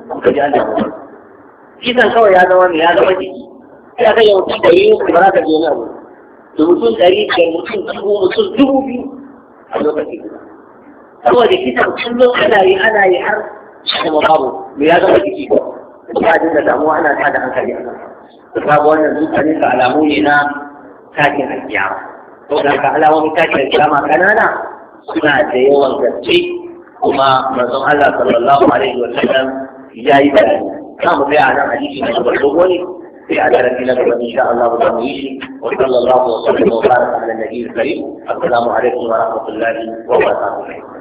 [SPEAKER 1] kisan kawai ya zama ya zama jiki ya kai yau da yi ba za ka je nan da mutum dari ke mutum dubu mutum dubu biyu a lokacin saboda kisan kullum ana yi ana yi har shi kuma babu me ya zama jiki ba da damuwa ana tada hankali a kan babu wannan dukkanin ka alamu ne na takin alkiyama to da ka alamomin takin alkiyama kanana suna da yawan gaske kuma manzon Allah sallallahu alaihi wa sallam ya yi bayani za mu nan hadisi na gaba dogo ne sai a darasi na gaba insha Allah za mu yi shi wa sallallahu wa sallam wa baraka ala nabiyil
[SPEAKER 2] karim